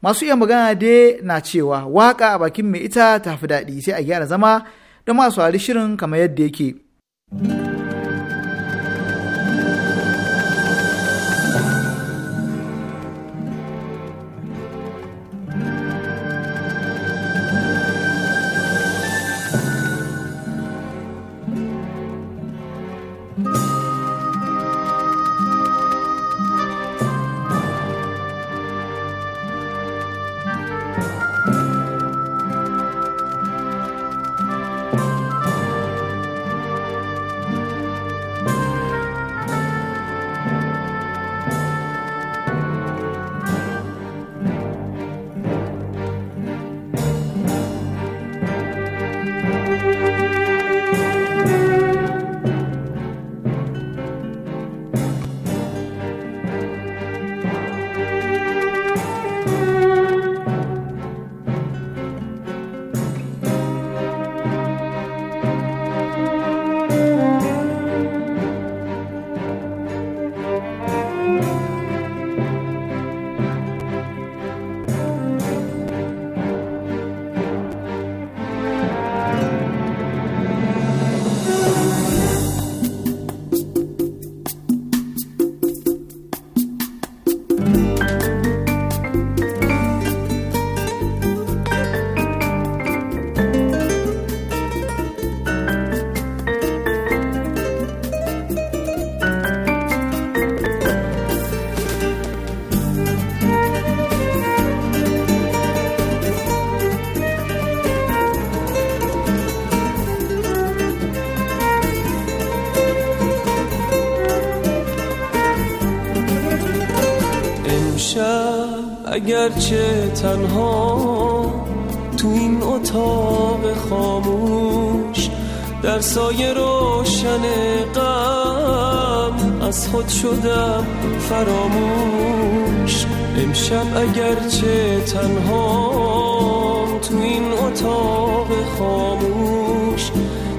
Speaker 2: masu iya magana dai na cewa waka a bakin mai ita ta fi daɗi sai a gyara zama don masu shirin kamar yadda yake.
Speaker 16: تنها تو این اتاق خاموش در سایه روشن غم از خود شدم فراموش امشب اگرچه تنها تو این اتاق خاموش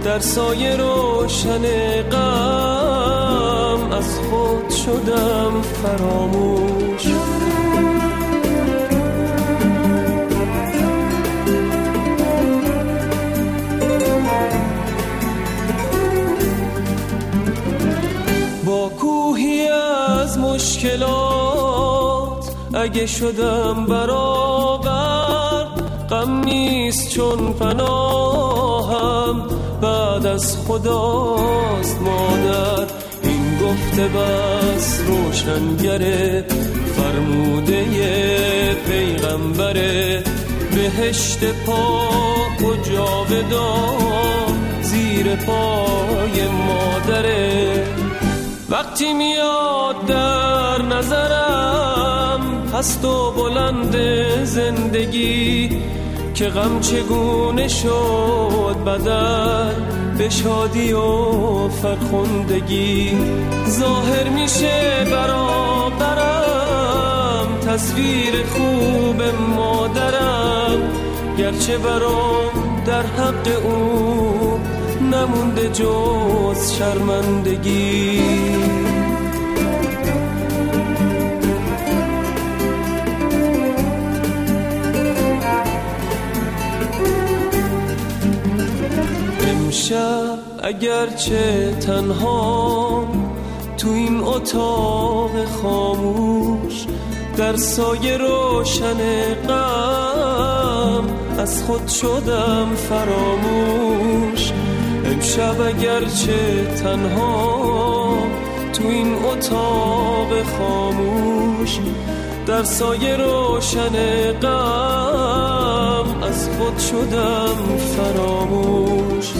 Speaker 16: در سایه روشن غم از خود شدم
Speaker 17: فراموش
Speaker 16: اگه شدم برابر غم نیست چون پناهم بعد از خداست مادر این گفته بس روشنگره فرموده پیغمبره بهشت پاک و جاودان زیر پای مادره وقتی میاد در نظرم پست و بلند زندگی که غم چگونه شد بدل به شادی و فرخندگی ظاهر میشه برابرم تصویر خوب مادرم گرچه برام در حق او نمونده جز شرمندگی امشب اگرچه تنها تو این اتاق خاموش در سایه روشن غم از خود شدم فراموش امشب اگرچه تنها تو این اتاق خاموش در سایه روشن غم از خود شدم فراموش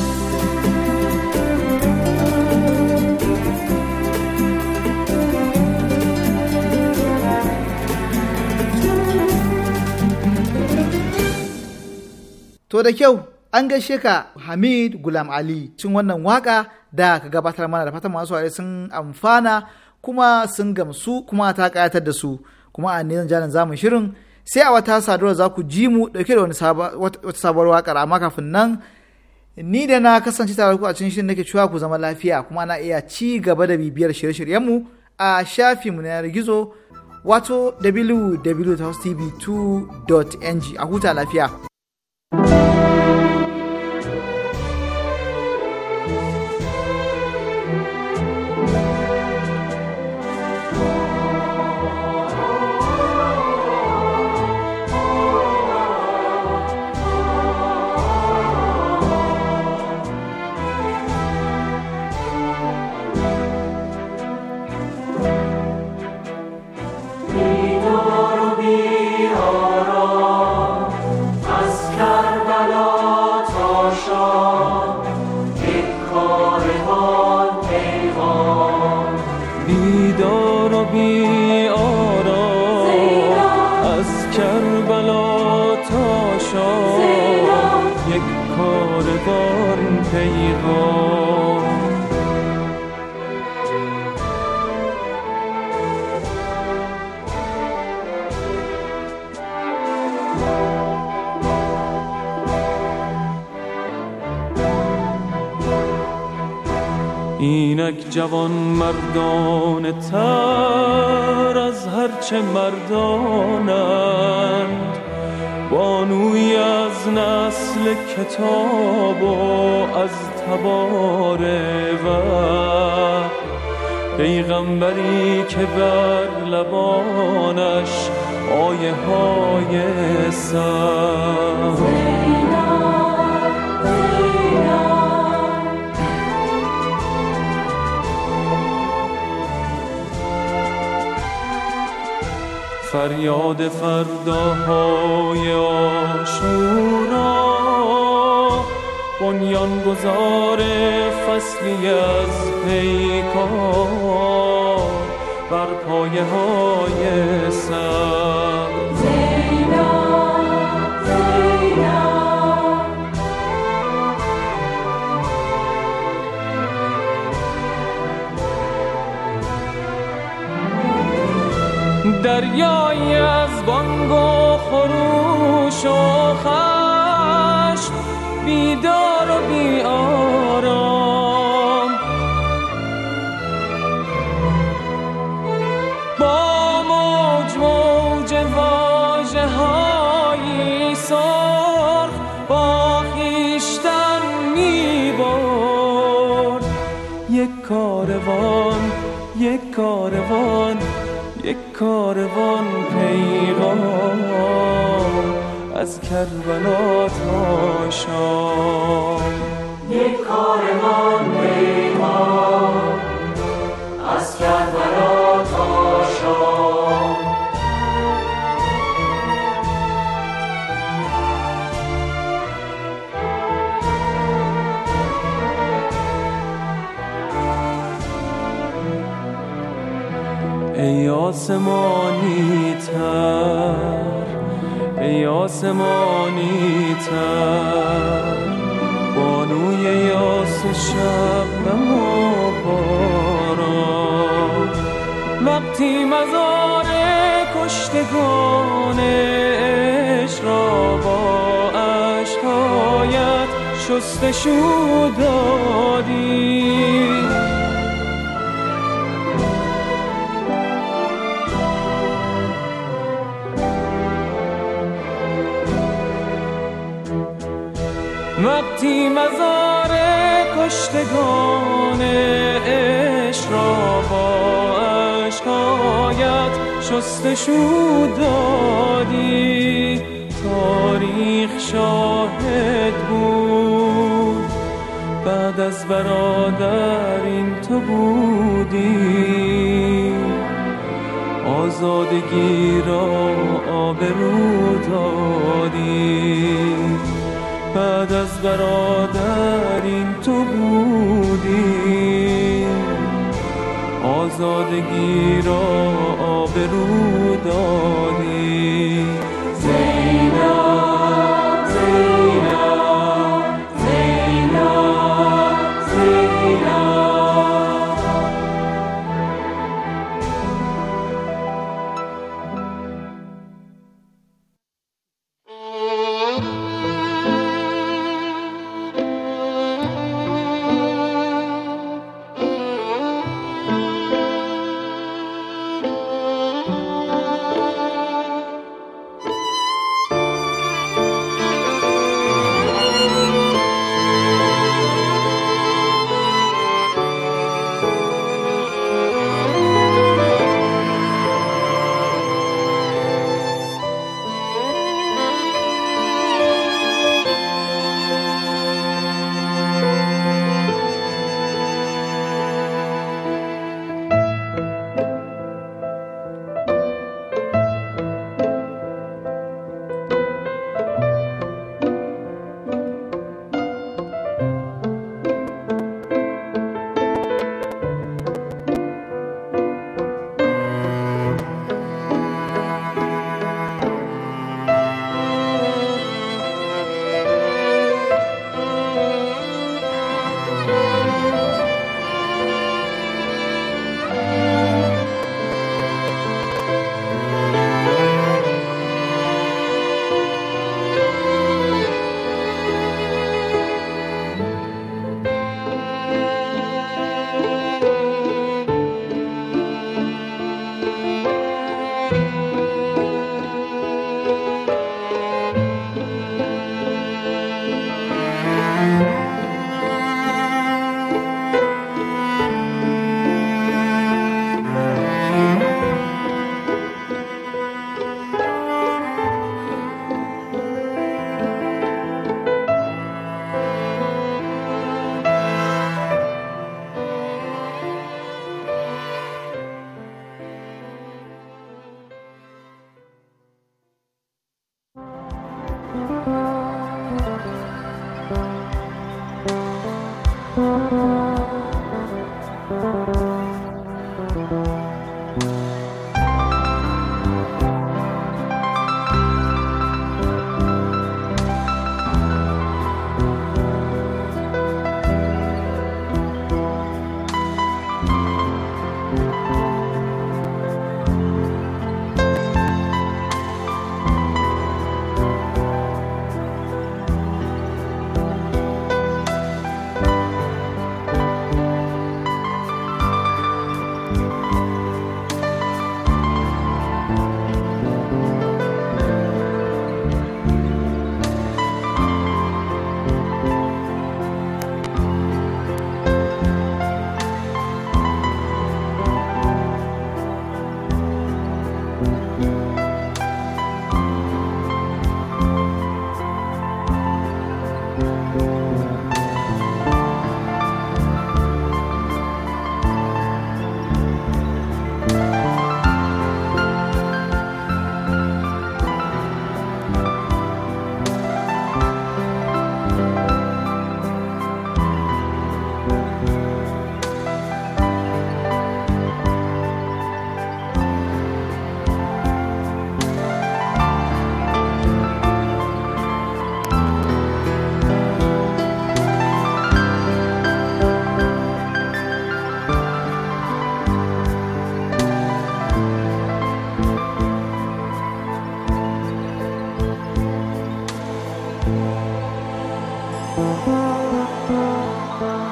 Speaker 2: To da kyau an gaishe ka Hamid Gulam Ali cin wannan waka da ka gabatar mana da fatan masu wari sun amfana kuma sun gamsu kuma ta kayatar da su kuma a ne janin zamu shirin sai a wata sadura za ku ji mu dauke da wani wata sabuwar wakar amma kafin nan ni da na kasance tare ku a cikin shirin nake cewa ku zama lafiya kuma na iya ci gaba da bibiyar shirye-shiryenmu a shafinmu na yanar gizo wato www.tv2.ng a huta lafiya.
Speaker 16: آسمانی تر ای تر بانوی یاس شب و باران وقتی مزار کشتگان را با عشقایت شستشو دادی وقتی مزار کشتگان عشق را با عشقایت شستشو دادی تاریخ شاهد بود بعد از برادر این تو بودی آزادگی را آبرو دادی بعد از برادر این تو بودی آزادگی را آبرو داد